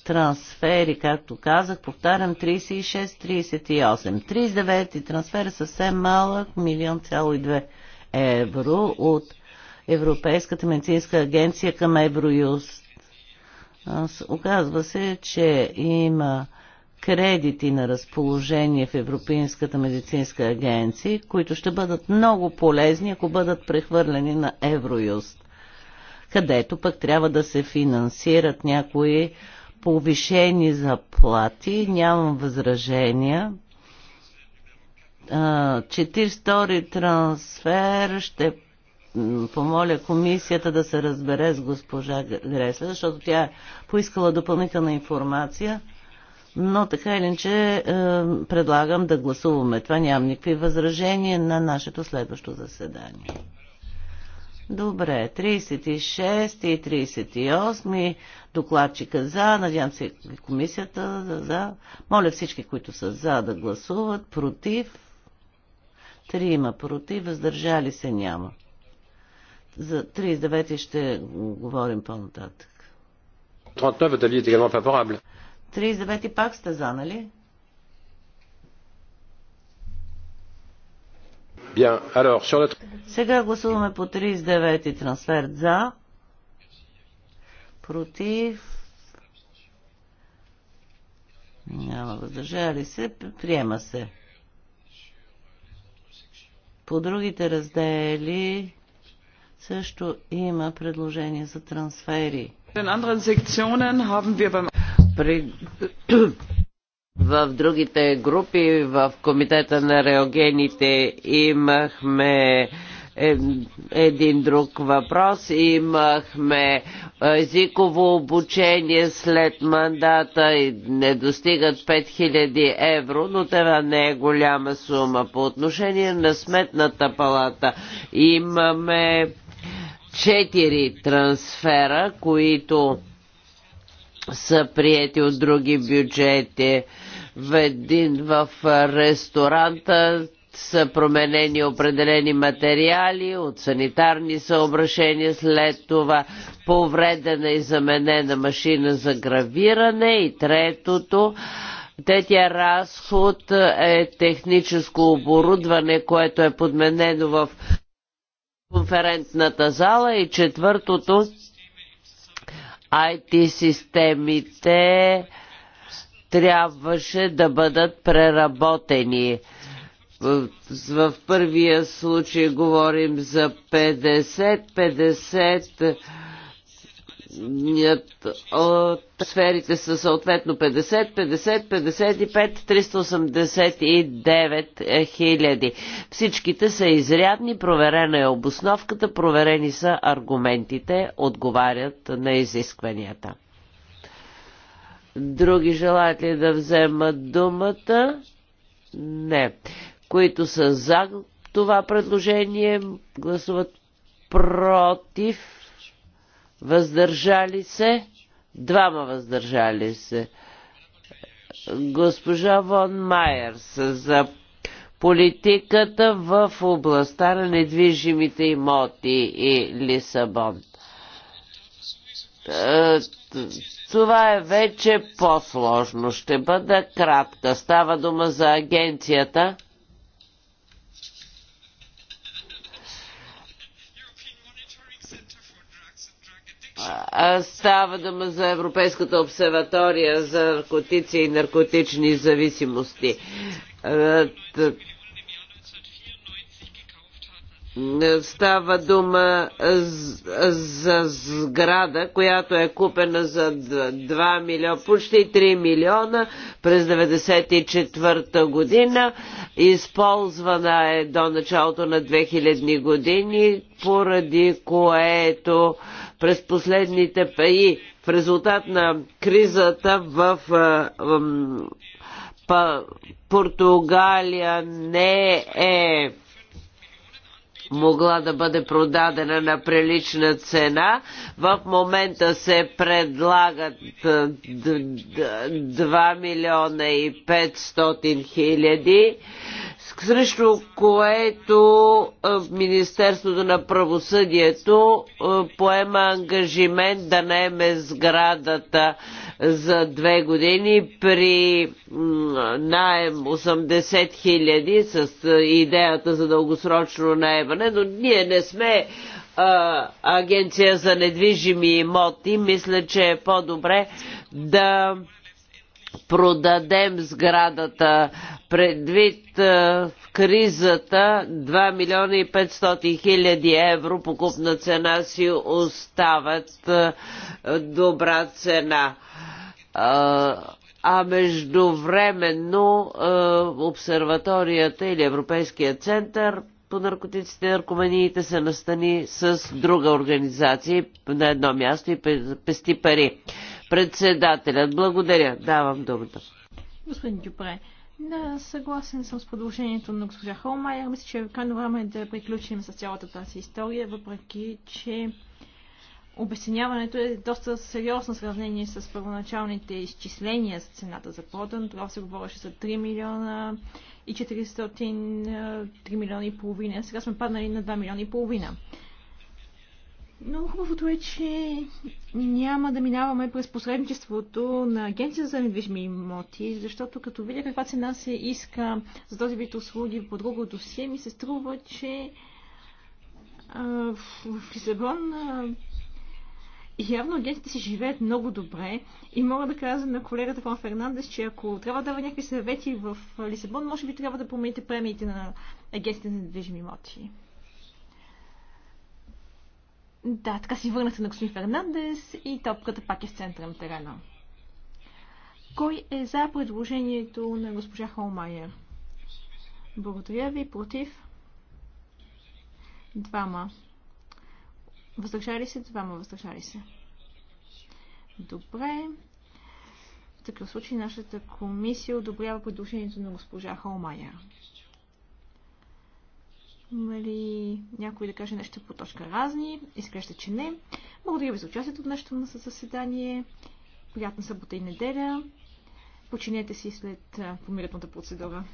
трансфери, както казах, повтарям 36-38. 39 трансфер е съвсем малък, милион цяло и две евро от Европейската медицинска агенция към Евроюст. Оказва се, че има кредити на разположение в Европейската медицинска агенция, които ще бъдат много полезни, ако бъдат прехвърлени на Евроюст където пък трябва да се финансират някои повишени заплати. Нямам възражения. 42 трансфер ще помоля комисията да се разбере с госпожа Гресле, защото тя е поискала допълнителна информация. Но така или иначе е, предлагам да гласуваме. Това нямам никакви възражения на нашето следващо заседание. Добре, 36 и 38 докладчика за, надявам се комисията за, за. Моля всички, които са за да гласуват, против. Трима против, въздържали се няма. За 39 ще говорим по-нататък. 39 пак сте за, нали? Bien, alors, sur notre... Сега гласуваме по 39-ти трансфер за, против, няма въздържали се, приема се. По другите раздели също има предложение за трансфери. При в другите групи, в Комитета на реогените имахме е, един друг въпрос. Имахме е, езиково обучение след мандата и не достигат 5000 евро, но това не е голяма сума. По отношение на сметната палата имаме четири трансфера, които са приети от други бюджети в един в ресторанта са променени определени материали от санитарни съображения, след това повредена и заменена машина за гравиране и третото Третия разход е техническо оборудване, което е подменено в конферентната зала и четвъртото IT системите трябваше да бъдат преработени. В първия случай говорим за 50-50 от сферите са съответно 50, 50, 55, 389 хиляди. Всичките са изрядни, проверена е обосновката, проверени са аргументите, отговарят на изискванията. Други желаят ли да вземат думата? Не. Които са за това предложение, гласуват против, въздържали се, двама въздържали се. Госпожа Вон са за политиката в областта на недвижимите имоти и Лисабон е, това е вече по-сложно. Ще бъда кратка. Става дума за агенцията. Става дума за Европейската обсерватория за наркотици и наркотични зависимости е, става дума за сграда, която е купена за 2 милиона, почти 3 милиона през 1994 година. Използвана е до началото на 2000 години, поради което през последните паи в резултат на кризата в е, Португалия не е могла да бъде продадена на прилична цена. В момента се предлагат 2 милиона и 500 хиляди срещу което Министерството на правосъдието поема ангажимент да наеме сградата за две години при наем 80 хиляди с идеята за дългосрочно наемане, но ние не сме агенция за недвижими имоти. Мисля, че е по-добре да продадем сградата предвид в е, кризата 2 милиона и 500 хиляди евро покупна цена си остават е, добра цена. Е, а, междувременно обсерваторията или Европейския център по наркотиците и наркоманиите се настани с друга организация на едно място и пести пари. Председателят, благодаря. Давам думата. Господин Дюпре, да, съгласен съм с продължението на госпожа Холмайер. Мисля, че е крайно време да приключим с цялата тази история, въпреки че обясняването е доста сериозно сравнение с първоначалните изчисления с цената за продан. Това се говореше за 3 милиона и 400, 3 милиона и половина. Сега сме паднали на 2 милиона и половина. Но хубавото е, че няма да минаваме през посредничеството на Агенция за недвижими имоти, защото като видя каква цена се иска за този вид услуги по друго досие, ми се струва, че а, в Лисабон явно агентите си живеят много добре и мога да кажа на колегата Фон Фернандес, че ако трябва да дава някакви съвети в Лисабон, може би трябва да промените премиите на агентите за недвижими имоти. Да, така си се на господин Фернандес и топката пак е в центъра на терена. Кой е за предложението на госпожа Холмайер? Благодаря ви. Против? Двама. Въздържали се? Двама въздържали се. Добре. В такъв случай нашата комисия одобрява предложението на госпожа Холмайер. Има ли някой да каже нещо по точка разни? Изглежда, че не. Благодаря ви за участието в днешното заседание. Приятна събота и неделя. Починете си след помиратната процедура.